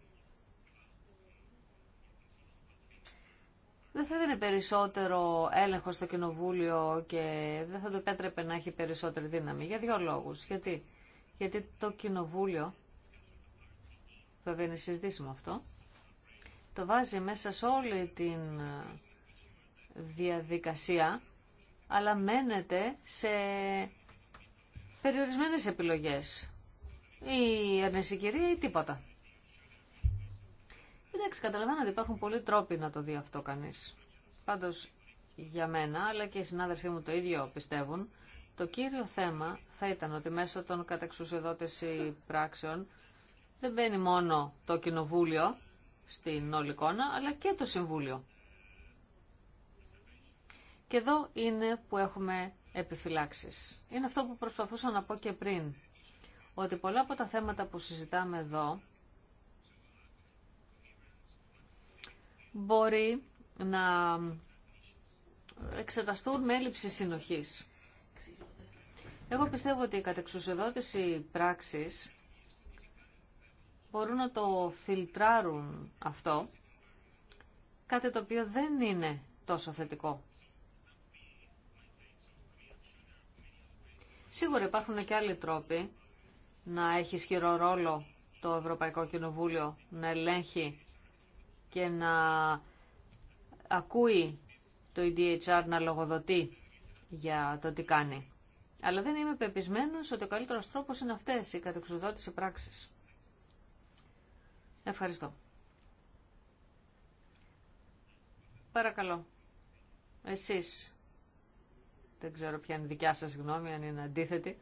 δεν θα έδινε περισσότερο έλεγχο στο κοινοβούλιο και δεν θα το επέτρεπε να έχει περισσότερη δύναμη. Για δύο λόγους. Γιατί, Γιατί το κοινοβούλιο, βέβαια είναι συζητήσιμο αυτό, το βάζει μέσα σε όλη την ε, διαδικασία, αλλά μένεται σε περιορισμένες επιλογές. Ή κυρία ή τίποτα. Εντάξει, καταλαβαίνω ότι υπάρχουν πολλοί τρόποι να το δει αυτό κανείς. Πάντως, για μένα, αλλά και οι συνάδελφοί μου το ίδιο πιστεύουν, το κύριο θέμα θα ήταν ότι μέσω των κατεξουσιοδότηση πράξεων δεν μπαίνει μόνο το Κοινοβούλιο στην όλη εικόνα, αλλά και το Συμβούλιο. Και εδώ είναι που έχουμε επιφυλάξεις. Είναι αυτό που προσπαθούσα να πω και πριν, ότι πολλά από τα θέματα που συζητάμε εδώ μπορεί να εξεταστούν με έλλειψη συνοχής. Εγώ πιστεύω ότι η κατεξουσιοδότηση πράξης μπορούν να το φιλτράρουν αυτό, κάτι το οποίο δεν είναι τόσο θετικό. Σίγουρα υπάρχουν και άλλοι τρόποι να έχει ισχυρό ρόλο το Ευρωπαϊκό Κοινοβούλιο να ελέγχει και να ακούει το EDHR να λογοδοτεί για το τι κάνει. Αλλά δεν είμαι πεπισμένος ότι ο καλύτερος τρόπος είναι αυτές οι κατεξουδότηση πράξεις. Ευχαριστώ. Παρακαλώ. Εσείς. Δεν ξέρω ποια είναι δικιά σας γνώμη, αν είναι αντίθετη.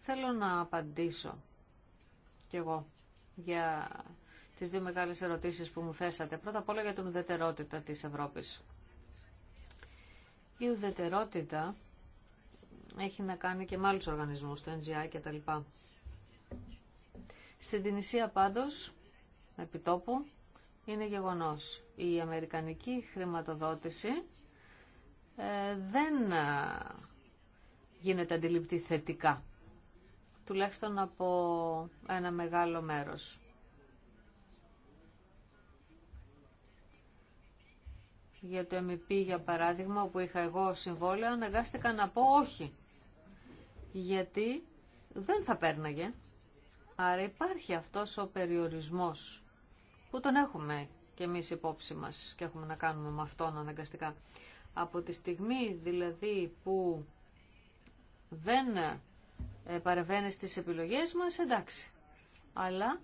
Θέλω να απαντήσω κι εγώ για τις δύο μεγάλες ερωτήσεις που μου θέσατε. Πρώτα απ' όλα για την ουδετερότητα της Ευρώπης. Η ουδετερότητα έχει να κάνει και με άλλους οργανισμούς, το NGI και τα λοιπά. Στην Τινησία πάντως, τόπου... είναι γεγονός. Η αμερικανική χρηματοδότηση ε, δεν ε, γίνεται αντιληπτή θετικά τουλάχιστον από ένα μεγάλο μέρος. Για το MEP, για παράδειγμα, όπου είχα εγώ συμβόλαιο, αναγκάστηκα να πω όχι. Γιατί δεν θα πέρναγε. Άρα υπάρχει αυτός ο περιορισμός που τον έχουμε και εμείς υπόψη μας και έχουμε να κάνουμε με αυτόν αναγκαστικά. Από τη στιγμή δηλαδή που δεν ε, Παρεβαίνει στις επιλογές μας, εντάξει. Αλλά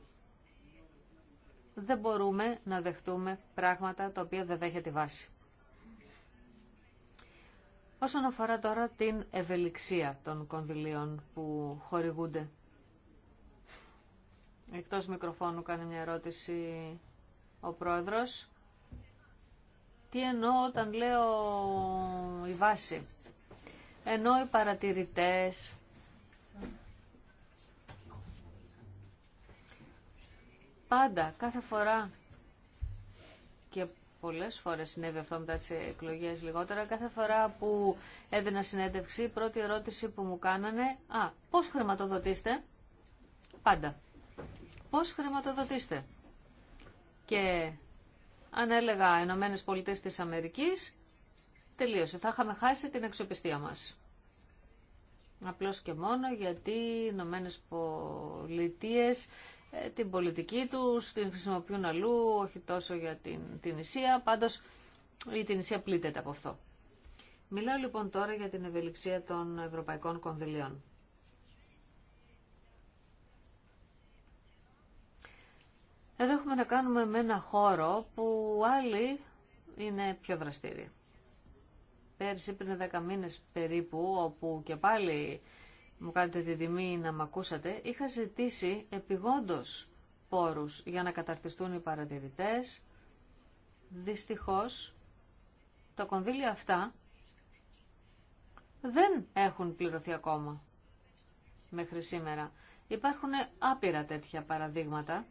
δεν μπορούμε να δεχτούμε πράγματα τα οποία δεν δέχεται βάση. Όσον αφορά τώρα την ευελιξία των κονδυλίων που χορηγούνται. Εκτός μικροφώνου κάνει μια ερώτηση ο πρόεδρος. Τι εννοώ όταν λέω η βάση. Ενώ οι παρατηρητές Πάντα, κάθε φορά και πολλές φορές συνέβη αυτό μετά τις εκλογές λιγότερα, κάθε φορά που έδινα συνέντευξη, η πρώτη ερώτηση που μου κάνανε, α, πώς χρηματοδοτήστε, πάντα, πώς χρηματοδοτήστε. Και αν έλεγα Ενωμένες Πολιτές της Αμερικής, τελείωσε, θα είχαμε χάσει την αξιοπιστία μας. Απλώς και μόνο γιατί οι Ηνωμένε Πολιτείες ε, την πολιτική τους, την χρησιμοποιούν αλλού, όχι τόσο για την, την Ισία, πάντως η την Ισία πλήττεται από αυτό. Μιλάω λοιπόν τώρα για την ευελιξία των ευρωπαϊκών κονδυλίων. Εδώ έχουμε να κάνουμε με ένα χώρο που άλλοι είναι πιο δραστήριοι. Πέρσι πριν 10 μήνες περίπου, όπου και πάλι μου κάνετε τη τιμή να μ' ακούσατε, είχα ζητήσει επιγόντως πόρους για να καταρτιστούν οι παρατηρητές. Δυστυχώς, τα κονδύλια αυτά δεν έχουν πληρωθεί ακόμα μέχρι σήμερα. Υπάρχουν άπειρα τέτοια παραδείγματα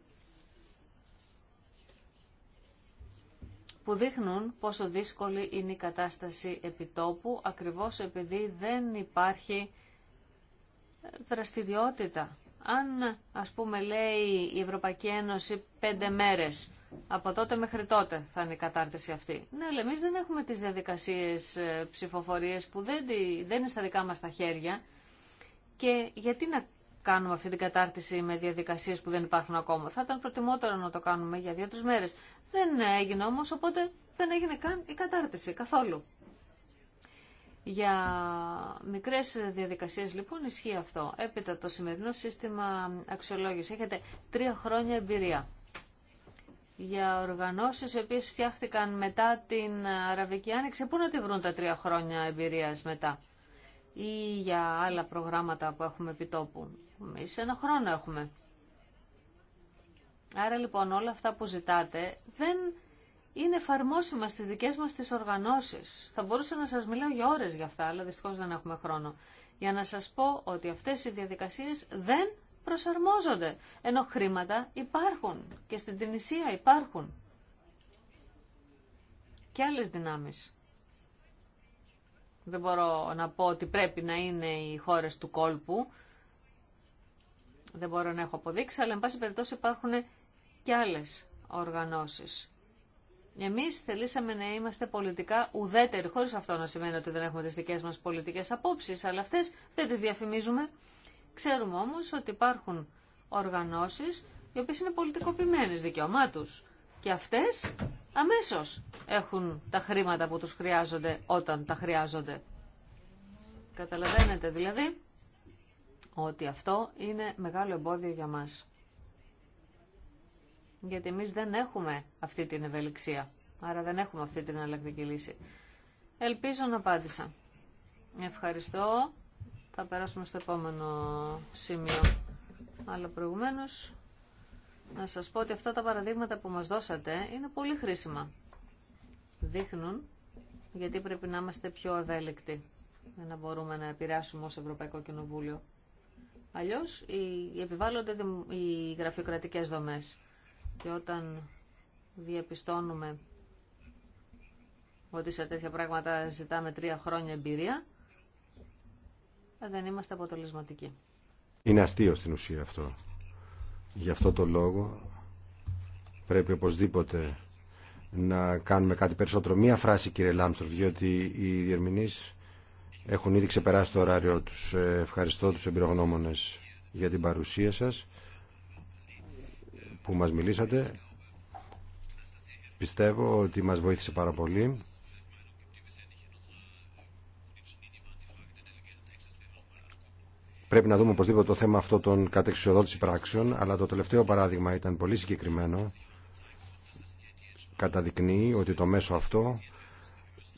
που δείχνουν πόσο δύσκολη είναι η κατάσταση επιτόπου ακριβώς επειδή δεν υπάρχει δραστηριότητα. Αν, ας πούμε, λέει η Ευρωπαϊκή Ένωση πέντε μέρες, από τότε μέχρι τότε θα είναι η κατάρτιση αυτή. Ναι, αλλά εμείς δεν έχουμε τις διαδικασίες ε, ψηφοφορίες που δεν, είναι στα δικά μας τα χέρια. Και γιατί να κάνουμε αυτή την κατάρτιση με διαδικασίες που δεν υπάρχουν ακόμα. Θα ήταν προτιμότερο να το κάνουμε για δύο-τρεις μέρες. Δεν έγινε όμως, οπότε δεν έγινε καν η κατάρτιση καθόλου. Για μικρές διαδικασίες λοιπόν ισχύει αυτό. Έπειτα το σημερινό σύστημα αξιολόγηση. Έχετε τρία χρόνια εμπειρία για οργανώσεις οι οποίες φτιάχτηκαν μετά την Αραβική Άνοιξη. Πού να τη βρουν τα τρία χρόνια εμπειρίας μετά ή για άλλα προγράμματα που έχουμε επιτόπου. Εμείς ένα χρόνο έχουμε. Άρα λοιπόν όλα αυτά που ζητάτε δεν είναι εφαρμόσιμα στις δικές μας τις οργανώσεις. Θα μπορούσα να σας μιλάω για ώρες για αυτά, αλλά δυστυχώς δεν έχουμε χρόνο. Για να σας πω ότι αυτές οι διαδικασίες δεν προσαρμόζονται, ενώ χρήματα υπάρχουν και στην Τινησία υπάρχουν και άλλες δυνάμεις. Δεν μπορώ να πω ότι πρέπει να είναι οι χώρες του κόλπου, δεν μπορώ να έχω αποδείξει, αλλά εν πάση περιπτώσει υπάρχουν και άλλες οργανώσεις Εμεί θελήσαμε να είμαστε πολιτικά ουδέτεροι, χωρίς αυτό να σημαίνει ότι δεν έχουμε τι δικέ μας πολιτικές απόψεις, αλλά αυτές δεν τι διαφημίζουμε. Ξέρουμε όμως ότι υπάρχουν οργανώσεις οι οποίε είναι πολιτικοποιημένες δικαιωμά και αυτές αμέσως έχουν τα χρήματα που τους χρειάζονται όταν τα χρειάζονται. Καταλαβαίνετε δηλαδή ότι αυτό είναι μεγάλο εμπόδιο για μας γιατί εμείς δεν έχουμε αυτή την ευελιξία. Άρα δεν έχουμε αυτή την αλλακτική λύση. Ελπίζω να απάντησα. Ευχαριστώ. Θα περάσουμε στο επόμενο σημείο. Αλλά προηγουμένω να σας πω ότι αυτά τα παραδείγματα που μας δώσατε είναι πολύ χρήσιμα. Δείχνουν γιατί πρέπει να είμαστε πιο ευέλικτοι να μπορούμε να επηρεάσουμε ως Ευρωπαϊκό Κοινοβούλιο. Αλλιώς οι, επιβάλλονται οι γραφειοκρατικές δομές. Και όταν διαπιστώνουμε ότι σε τέτοια πράγματα ζητάμε τρία χρόνια εμπειρία, δεν είμαστε αποτελεσματικοί. Είναι αστείο στην ουσία αυτό. Γι' αυτό το λόγο πρέπει οπωσδήποτε να κάνουμε κάτι περισσότερο. Μία φράση κύριε Λάμπστροφ, διότι οι διερμηνείς έχουν ήδη ξεπεράσει το ωράριό τους. Ε, ευχαριστώ τους εμπειρογνώμονες για την παρουσία σας που μας μιλήσατε. Πιστεύω ότι μας βοήθησε πάρα πολύ. Πρέπει να δούμε οπωσδήποτε το θέμα αυτό των κατεξιοδότηση πράξεων, αλλά το τελευταίο παράδειγμα ήταν πολύ συγκεκριμένο. Καταδεικνύει ότι το μέσο αυτό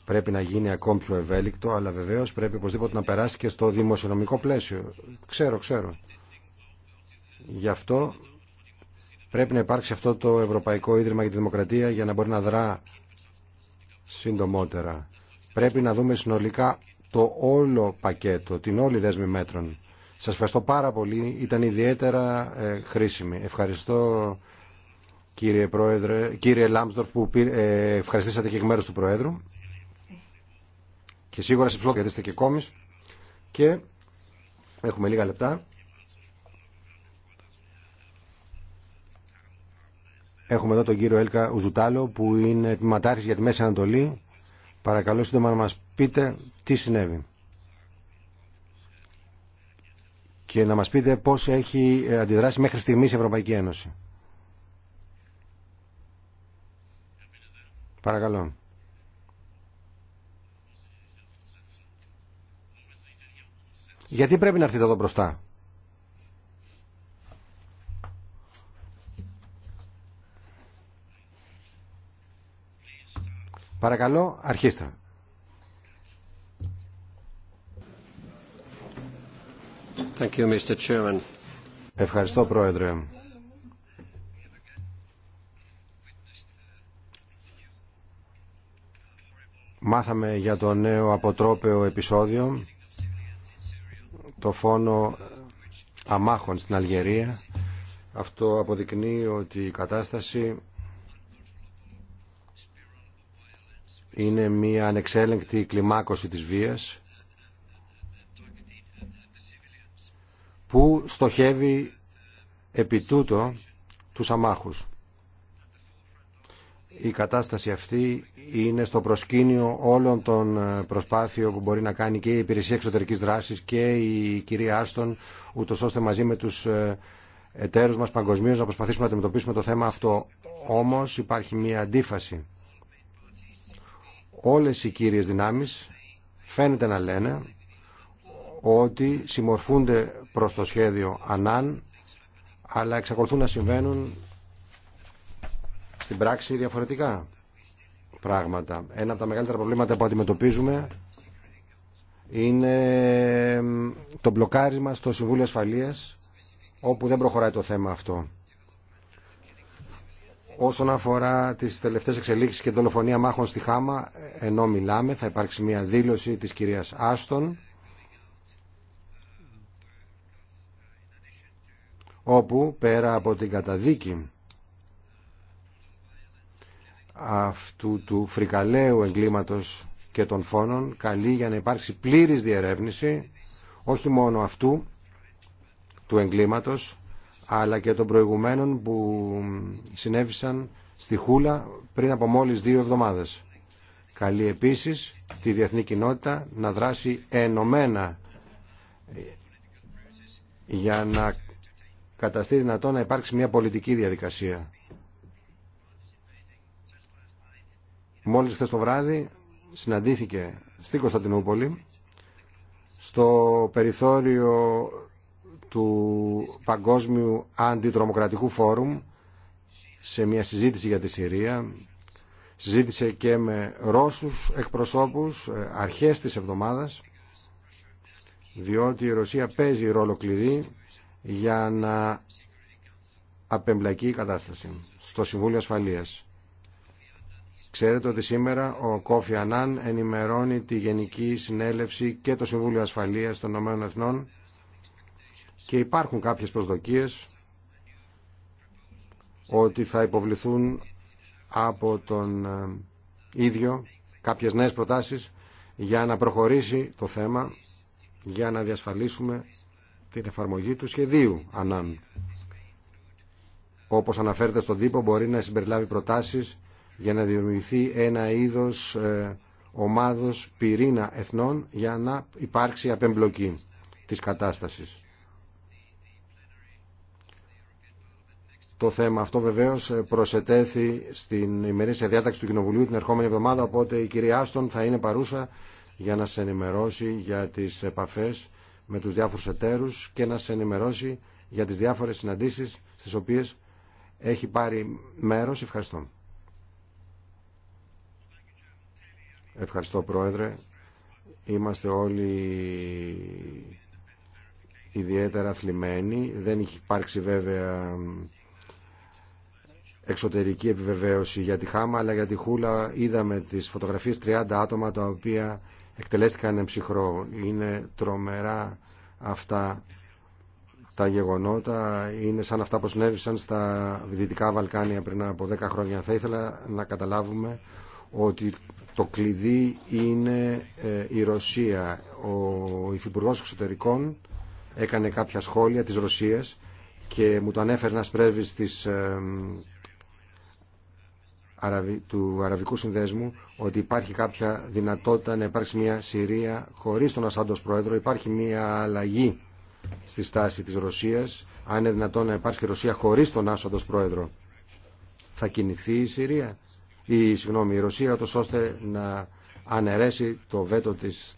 πρέπει να γίνει ακόμη πιο ευέλικτο, αλλά βεβαίω πρέπει οπωσδήποτε να περάσει και στο δημοσιονομικό πλαίσιο. Ξέρω, ξέρω. Γι' αυτό Πρέπει να υπάρξει αυτό το Ευρωπαϊκό Ίδρυμα για τη Δημοκρατία για να μπορεί να δρά συντομότερα. Πρέπει να δούμε συνολικά το όλο πακέτο, την όλη δέσμη μέτρων. Σας ευχαριστώ πάρα πολύ. Ήταν ιδιαίτερα ε, χρήσιμη. Ευχαριστώ κύριε, Πρόεδρε, κύριε Λάμσδορφ που ε, ευχαριστήσατε και εκ μέρους του Προέδρου. Και σίγουρα σε ψηλό και κόμις. Και έχουμε λίγα λεπτά. Έχουμε εδώ τον κύριο Έλκα Ουζουτάλο που είναι επιματάρχης για τη Μέση Ανατολή. Παρακαλώ σύντομα να μας πείτε τι συνέβη. Και να μας πείτε πώς έχει ε, αντιδράσει μέχρι στιγμής η Ευρωπαϊκή Ένωση. Παρακαλώ. Γιατί πρέπει να έρθετε εδώ μπροστά. Παρακαλώ, αρχίστε. Thank you, Mr. Ευχαριστώ, Πρόεδρε. Μάθαμε για το νέο αποτρόπαιο επεισόδιο, το φόνο αμάχων στην Αλγερία. Αυτό αποδεικνύει ότι η κατάσταση είναι μια ανεξέλεγκτη κλιμάκωση της βίας που στοχεύει επί τούτο τους αμάχους. Η κατάσταση αυτή είναι στο προσκήνιο όλων των ε, προσπάθειων που μπορεί να κάνει και η Υπηρεσία Εξωτερικής Δράσης και η κυρία Άστον, ούτω ώστε μαζί με τους ε, εταίρους μας παγκοσμίως να προσπαθήσουμε να αντιμετωπίσουμε το θέμα αυτό. Όμως υπάρχει μια αντίφαση όλες οι κύριες δυνάμεις φαίνεται να λένε ότι συμμορφούνται προς το σχέδιο ΑΝΑΝ αλλά εξακολουθούν να συμβαίνουν στην πράξη διαφορετικά πράγματα. Ένα από τα μεγαλύτερα προβλήματα που αντιμετωπίζουμε είναι το μπλοκάρισμα στο Συμβούλιο Ασφαλείας όπου δεν προχωράει το θέμα αυτό. Όσον αφορά τις τελευταίες εξελίξεις και δολοφονία μάχων στη Χάμα, ενώ μιλάμε, θα υπάρξει μια δήλωση της κυρία Άστον, όπου πέρα από την καταδίκη αυτού του φρικαλαίου εγκλήματος και των φόνων καλεί για να υπάρξει πλήρης διερεύνηση όχι μόνο αυτού του εγκλήματος αλλά και των προηγουμένων που συνέβησαν στη Χούλα πριν από μόλις δύο εβδομάδες. Καλεί επίσης τη διεθνή κοινότητα να δράσει ενωμένα για να καταστεί δυνατό να υπάρξει μια πολιτική διαδικασία. Μόλις χθε το βράδυ συναντήθηκε στη Κωνσταντινούπολη στο περιθώριο του Παγκόσμιου Αντιτρομοκρατικού Φόρουμ σε μια συζήτηση για τη Συρία. Συζήτησε και με Ρώσους εκπροσώπους ε, αρχές της εβδομάδας διότι η Ρωσία παίζει ρόλο κλειδί για να απεμπλακεί η κατάσταση στο Συμβούλιο Ασφαλείας. Ξέρετε ότι σήμερα ο Κόφι Ανάν ενημερώνει τη Γενική Συνέλευση και το Συμβούλιο Ασφαλείας των Ηνωμένων Εθνών και υπάρχουν κάποιες προσδοκίες ότι θα υποβληθούν από τον ε, ίδιο κάποιες νέες προτάσεις για να προχωρήσει το θέμα για να διασφαλίσουμε την εφαρμογή του σχεδίου ανάν. Όπως αναφέρεται στον τύπο μπορεί να συμπεριλάβει προτάσεις για να δημιουργηθεί ένα είδος ε, ομάδος πυρήνα εθνών για να υπάρξει απεμπλοκή της κατάστασης. Το θέμα αυτό βεβαίω προσετέθη στην ημερήσια διάταξη του Κοινοβουλίου την ερχόμενη εβδομάδα, οπότε η κυρία Άστον θα είναι παρούσα για να σε ενημερώσει για τις επαφές με τους διάφορους εταίρους και να σε ενημερώσει για τις διάφορες συναντήσεις στι οποίε έχει πάρει μέρος. Ευχαριστώ. Ευχαριστώ Πρόεδρε. Είμαστε όλοι ιδιαίτερα θλιμμένοι. Δεν έχει υπάρξει βέβαια εξωτερική επιβεβαίωση για τη Χάμα αλλά για τη Χούλα είδαμε τις φωτογραφίες 30 άτομα τα οποία εκτελέστηκαν ψυχρό. Είναι τρομερά αυτά τα γεγονότα, είναι σαν αυτά που συνέβησαν στα Δυτικά Βαλκάνια πριν από 10 χρόνια. Θα ήθελα να καταλάβουμε ότι το κλειδί είναι ε, η Ρωσία. Ο Υφυπουργός Εξωτερικών έκανε κάποια σχόλια της Ρωσίας και μου το ανέφερε ένας πρέσβης της ε, του Αραβικού Συνδέσμου ότι υπάρχει κάποια δυνατότητα να υπάρξει μια Συρία χωρίς τον Ασάντο Πρόεδρο. Υπάρχει μια αλλαγή στη στάση της Ρωσίας. Αν είναι δυνατόν να υπάρξει η Ρωσία χωρίς τον Άσαντο Πρόεδρο, θα κινηθεί η Συρία ή συγγνώμη, η Ρωσία ώστε να αναιρέσει το βέτο της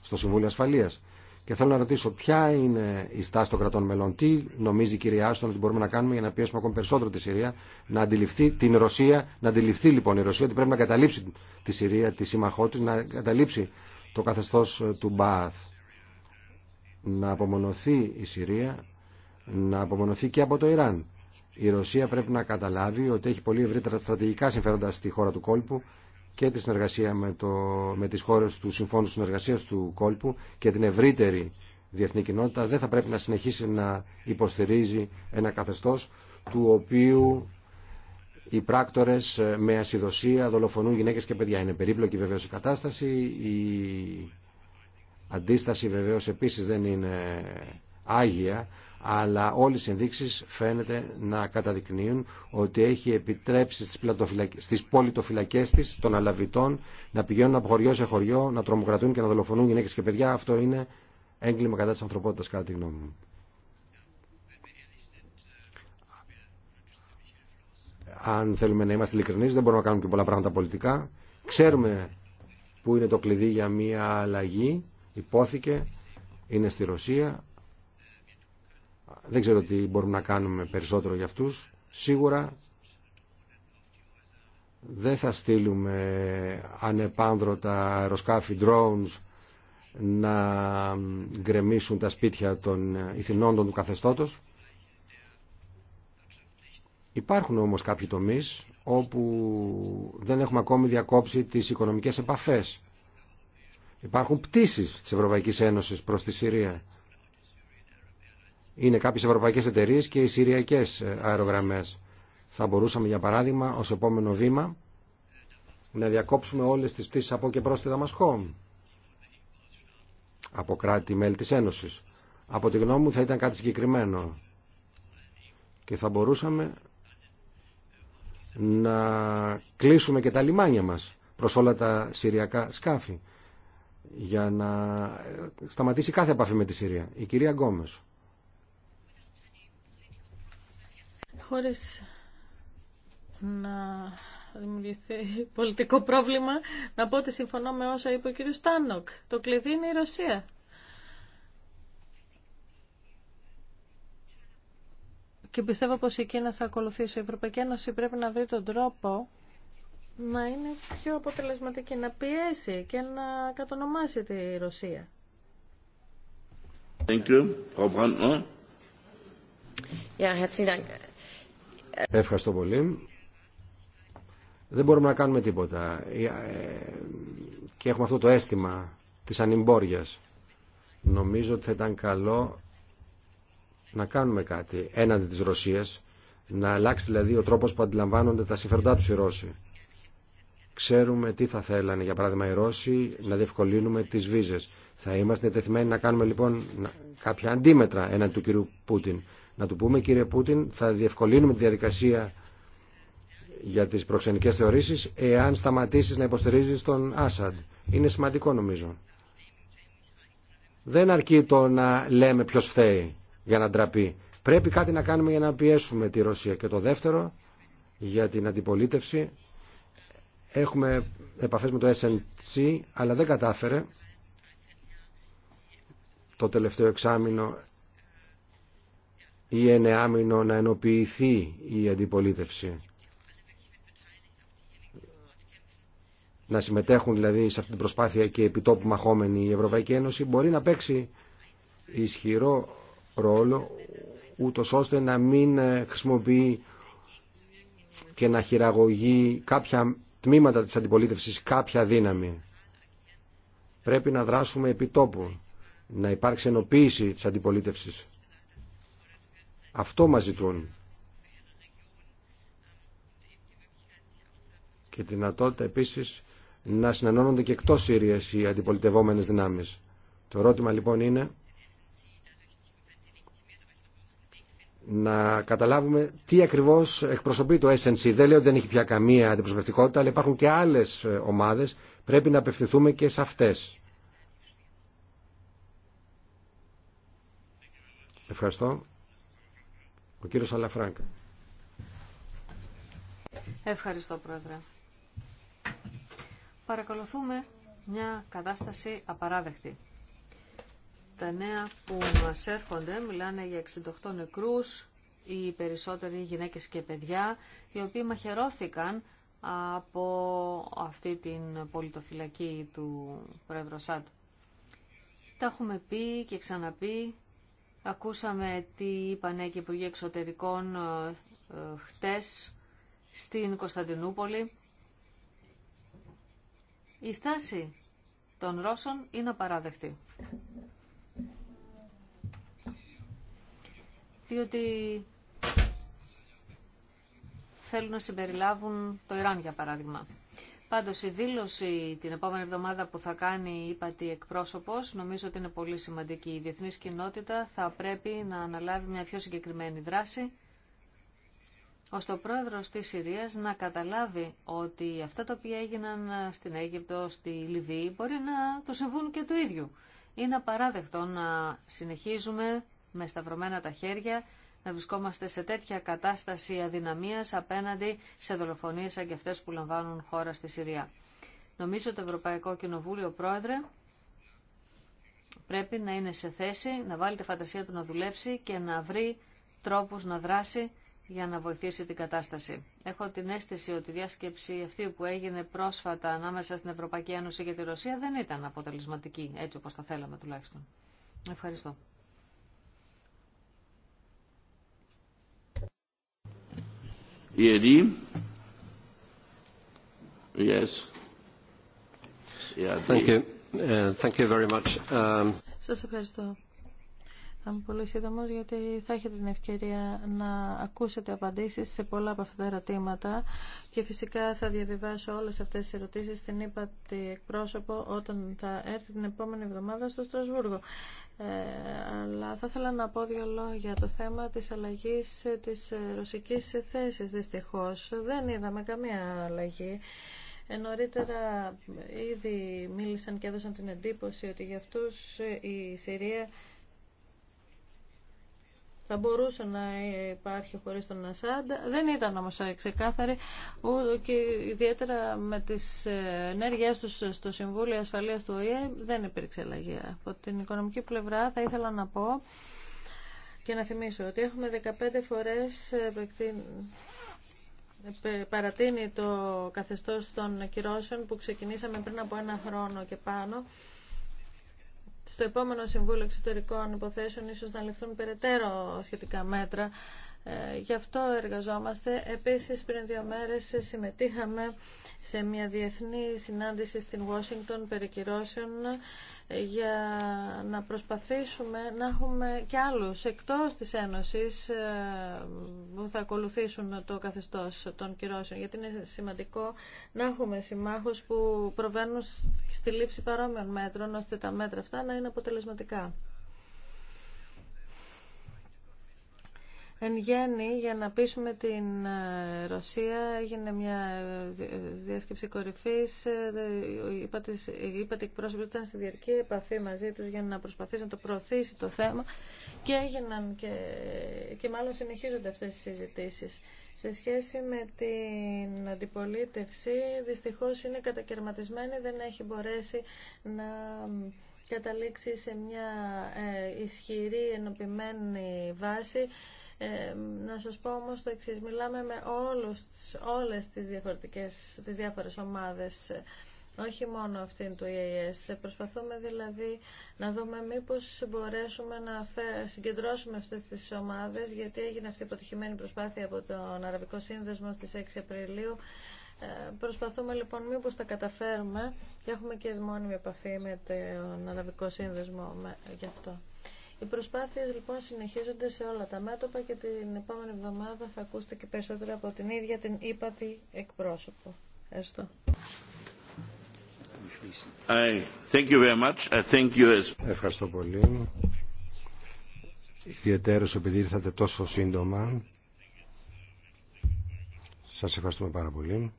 στο Συμβούλιο Ασφαλείας. Και θέλω να ρωτήσω ποια είναι η στάση των κρατών μελών. Τι νομίζει η κυρία Άστον ότι μπορούμε να κάνουμε για να πιέσουμε ακόμη περισσότερο τη Συρία να αντιληφθεί την Ρωσία, να αντιληφθεί λοιπόν η Ρωσία ότι πρέπει να καταλήψει τη Συρία, τη σύμμαχό τη, να καταλήψει το καθεστώ ε, του Μπαθ. Να απομονωθεί η Συρία, να απομονωθεί και από το Ιράν. Η Ρωσία πρέπει να καταλάβει ότι έχει πολύ ευρύτερα στρατηγικά συμφέροντα στη χώρα του κόλπου και τη συνεργασία με, το, με τις χώρες του Συμφώνου Συνεργασίας του Κόλπου και την ευρύτερη διεθνή κοινότητα δεν θα πρέπει να συνεχίσει να υποστηρίζει ένα καθεστώς του οποίου οι πράκτορες ε, με ασυδοσία δολοφονούν γυναίκες και παιδιά. Είναι περίπλοκη βεβαίως η κατάσταση, η αντίσταση βεβαίως επίσης δεν είναι άγια, αλλά όλες οι ενδείξεις φαίνεται να καταδεικνύουν ότι έχει επιτρέψει στις, στις πολιτοφυλακές της των αλαβητών να πηγαίνουν από χωριό σε χωριό, να τρομοκρατούν και να δολοφονούν γυναίκες και παιδιά. Αυτό είναι έγκλημα κατά της ανθρωπότητας κατά τη γνώμη μου. Αν θέλουμε να είμαστε ειλικρινείς δεν μπορούμε να κάνουμε και πολλά πράγματα πολιτικά. Ξέρουμε που είναι το κλειδί για μια αλλαγή. Υπόθηκε, είναι στη Ρωσία, δεν ξέρω τι μπορούμε να κάνουμε περισσότερο για αυτούς. Σίγουρα δεν θα στείλουμε ανεπάνδρωτα αεροσκάφη drones να γκρεμίσουν τα σπίτια των ηθινόντων του καθεστώτος. Υπάρχουν όμως κάποιοι τομείς όπου δεν έχουμε ακόμη διακόψει τις οικονομικές επαφές. Υπάρχουν πτήσεις της Ευρωπαϊκής Ένωσης προς τη Συρία είναι κάποιες ευρωπαϊκές εταιρείες και οι συριακές ε, αερογραμμές. Θα μπορούσαμε για παράδειγμα ως επόμενο βήμα να διακόψουμε όλες τις πτήσεις από και προς τη Δαμασκό από κράτη μέλη της Ένωσης. Από τη γνώμη μου θα ήταν κάτι συγκεκριμένο και θα μπορούσαμε να κλείσουμε και τα λιμάνια μας προς όλα τα συριακά σκάφη για να ε, σταματήσει κάθε επαφή με τη Συρία. Η κυρία Γκόμες. χωρίς να δημιουργηθεί πολιτικό πρόβλημα, να πω ότι συμφωνώ με όσα είπε ο κύριος Στάνοκ. Το κλειδί είναι η Ρωσία. Και πιστεύω πως η Κίνα θα ακολουθήσει. Η Ευρωπαϊκή Ένωση πρέπει να βρει τον τρόπο να είναι πιο αποτελεσματική, να πιέσει και να κατονομάσει τη Ρωσία. Thank you. Frau Ευχαριστώ πολύ. Δεν μπορούμε να κάνουμε τίποτα. Ε, και έχουμε αυτό το αίσθημα της ανημπόριας. Νομίζω ότι θα ήταν καλό να κάνουμε κάτι έναντι της Ρωσίας, να αλλάξει δηλαδή ο τρόπος που αντιλαμβάνονται τα συμφέροντά τους οι Ρώσοι. Ξέρουμε τι θα θέλανε, για παράδειγμα οι Ρώσοι, να διευκολύνουμε τις βίζες. Θα είμαστε εντεθειμένοι να κάνουμε λοιπόν κάποια αντίμετρα έναντι του κυρίου Πούτιν να του πούμε κύριε Πούτιν θα διευκολύνουμε τη διαδικασία για τις προξενικές θεωρήσεις εάν σταματήσεις να υποστηρίζεις τον Άσαντ. Είναι σημαντικό νομίζω. Δεν αρκεί το να λέμε ποιος φταίει για να ντραπεί. Πρέπει κάτι να κάνουμε για να πιέσουμε τη Ρωσία. Και το δεύτερο, για την αντιπολίτευση, έχουμε επαφές με το SNC, αλλά δεν κατάφερε το τελευταίο εξάμεινο ή ένα άμυνο να ενοποιηθεί η ενα Να συμμετέχουν δηλαδή σε αυτή την προσπάθεια και επιτόπου μαχόμενοι η Ευρωπαϊκή Ένωση μπορεί να παίξει ισχυρό ρόλο ούτω ώστε να μην χρησιμοποιεί και να χειραγωγεί κάποια τμήματα της αντιπολίτευσης, κάποια δύναμη. Πρέπει να δράσουμε επιτόπου, να υπάρξει ενοποίηση της αντιπολίτευσης αυτό μας ζητούν. Και τη δυνατότητα επίσης να συνενώνονται και εκτός Συρίας οι αντιπολιτευόμενες δυνάμεις. Το ερώτημα λοιπόν είναι να καταλάβουμε τι ακριβώς εκπροσωπεί το SNC. Δεν λέω ότι δεν έχει πια καμία αντιπροσωπευτικότητα, αλλά υπάρχουν και άλλες ε, ομάδες. Πρέπει να απευθυνθούμε και σε αυτές. Ευχαριστώ. Ο κύριος Αλαφράγκα. Ευχαριστώ, Πρόεδρε. Παρακολουθούμε μια κατάσταση απαράδεκτη. Τα νέα που μας έρχονται μιλάνε για 68 νεκρούς, οι περισσότεροι γυναίκες και παιδιά, οι οποίοι μαχαιρώθηκαν από αυτή την πολιτοφυλακή του Πρόεδρο ΣΑΤ. Τα έχουμε πει και ξαναπεί Ακούσαμε τι είπανε και οι Υπουργοί Εξωτερικών ε, ε, χτες στην Κωνσταντινούπολη. Η στάση των Ρώσων είναι απαράδεκτη. Διότι θέλουν να συμπεριλάβουν το Ιράν, για παράδειγμα. Πάντω η δήλωση την επόμενη εβδομάδα που θα κάνει η ΥΠΑΤΗ εκπρόσωπος νομίζω ότι είναι πολύ σημαντική. Η διεθνής κοινότητα θα πρέπει να αναλάβει μια πιο συγκεκριμένη δράση ώστε ο πρόεδρος της Συρίας να καταλάβει ότι αυτά τα οποία έγιναν στην Αίγυπτο, στη Λιβύη μπορεί να το συμβούν και του ίδιου. Είναι απαράδεκτο να συνεχίζουμε με σταυρωμένα τα χέρια να βρισκόμαστε σε τέτοια κατάσταση αδυναμίας απέναντι σε δολοφονίες σαν και αυτές που λαμβάνουν χώρα στη Συρία. Νομίζω το Ευρωπαϊκό Κοινοβούλιο, Πρόεδρε, πρέπει να είναι σε θέση να βάλει τη φαντασία του να δουλέψει και να βρει τρόπους να δράσει για να βοηθήσει την κατάσταση. Έχω την αίσθηση ότι η διάσκεψη αυτή που έγινε πρόσφατα ανάμεσα στην Ευρωπαϊκή Ένωση και τη Ρωσία δεν ήταν αποτελεσματική, έτσι όπως τα θέλαμε τουλάχιστον. Ευχαριστώ. Σα Yes. Ε, um, Σας ευχαριστώ. Θα είμαι πολύ σύντομο γιατί θα έχετε την ευκαιρία να ακούσετε απαντήσεις σε πολλά από αυτά τα ερωτήματα και φυσικά θα διαβιβάσω όλες αυτές τις ερωτήσεις στην ύπατη εκπρόσωπο όταν θα έρθει την επόμενη εβδομάδα στο Στρασβούργο. Ε, αλλά θα ήθελα να πω δύο λόγια το θέμα της αλλαγής της ρωσικής θέσης δυστυχώς δεν είδαμε καμία αλλαγή ε, νωρίτερα ήδη μίλησαν και έδωσαν την εντύπωση ότι για αυτούς η Συρία θα μπορούσε να υπάρχει χωρίς τον Ασάντ. Δεν ήταν όμως ξεκάθαρη και ιδιαίτερα με τις ε, ενέργειές τους στο Συμβούλιο Ασφαλείας του ΟΗΕ δεν υπήρξε αλλαγή. Από την οικονομική πλευρά θα ήθελα να πω και να θυμίσω ότι έχουμε 15 φορές ε, παρατείνει το καθεστώς των κυρώσεων που ξεκινήσαμε πριν από ένα χρόνο και πάνω στο επόμενο Συμβούλιο Εξωτερικών Υποθέσεων ίσως να ληφθούν περαιτέρω σχετικά μέτρα ε, γι' αυτό εργαζόμαστε. Επίσης πριν δύο μέρες συμμετείχαμε σε μια διεθνή συνάντηση στην Washington περί ε, για να προσπαθήσουμε να έχουμε και άλλους εκτός της Ένωσης ε, που θα ακολουθήσουν το καθεστώς των κυρώσεων γιατί είναι σημαντικό να έχουμε συμμάχους που προβαίνουν στη λήψη παρόμοιων μέτρων ώστε τα μέτρα αυτά να είναι αποτελεσματικά. Εν γέννη, για να πείσουμε την ε, Ρωσία, έγινε μια ε, διάσκεψη κορυφή. Ε, είπατε, είπατε εκπρόσωποι ήταν στη διαρκή επαφή μαζί του για να προσπαθήσει να το προωθήσει το θέμα και έγιναν και, και μάλλον συνεχίζονται αυτές οι συζητήσει. Σε σχέση με την αντιπολίτευση, δυστυχώς είναι κατακαιρματισμένη, δεν έχει μπορέσει να καταλήξει σε μια ισχυρή ενωπημένη βάση να σας πω όμως το εξής, μιλάμε με όλους, όλες τις, διαφορετικές, τις διάφορες ομάδες όχι μόνο αυτήν του EAS. Προσπαθούμε δηλαδή να δούμε μήπως μπορέσουμε να συγκεντρώσουμε αυτές τις ομάδες, γιατί έγινε αυτή η αποτυχημένη προσπάθεια από τον Αραβικό Σύνδεσμο στις 6 Απριλίου. Ε, προσπαθούμε λοιπόν μήπως τα καταφέρουμε και έχουμε και μόνιμη επαφή με τον Αραβικό Σύνδεσμο γι' αυτό. Οι προσπάθειε λοιπόν συνεχίζονται σε όλα τα μέτωπα και την επόμενη εβδομάδα θα ακούσετε και περισσότερα από την ίδια την ύπατη εκπρόσωπο. Ευχαριστώ. Ευχαριστώ πολύ. Ιδιαίτερω επειδή ήρθατε τόσο σύντομα. Σα ευχαριστούμε πάρα πολύ.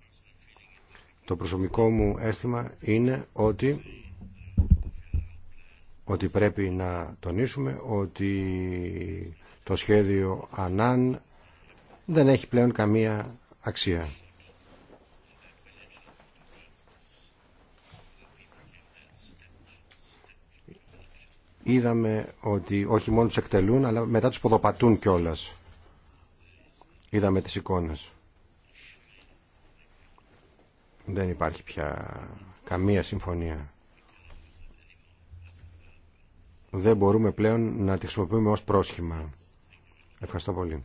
Το προσωπικό μου αίσθημα είναι ότι ότι πρέπει να τονίσουμε ότι το σχέδιο Ανάν δεν έχει πλέον καμία αξία. Είδαμε ότι όχι μόνο τους εκτελούν, αλλά μετά τους ποδοπατούν κιόλας. Είδαμε τις εικόνες. Δεν υπάρχει πια καμία συμφωνία δεν μπορούμε πλέον να τη χρησιμοποιούμε ως πρόσχημα. Ευχαριστώ πολύ.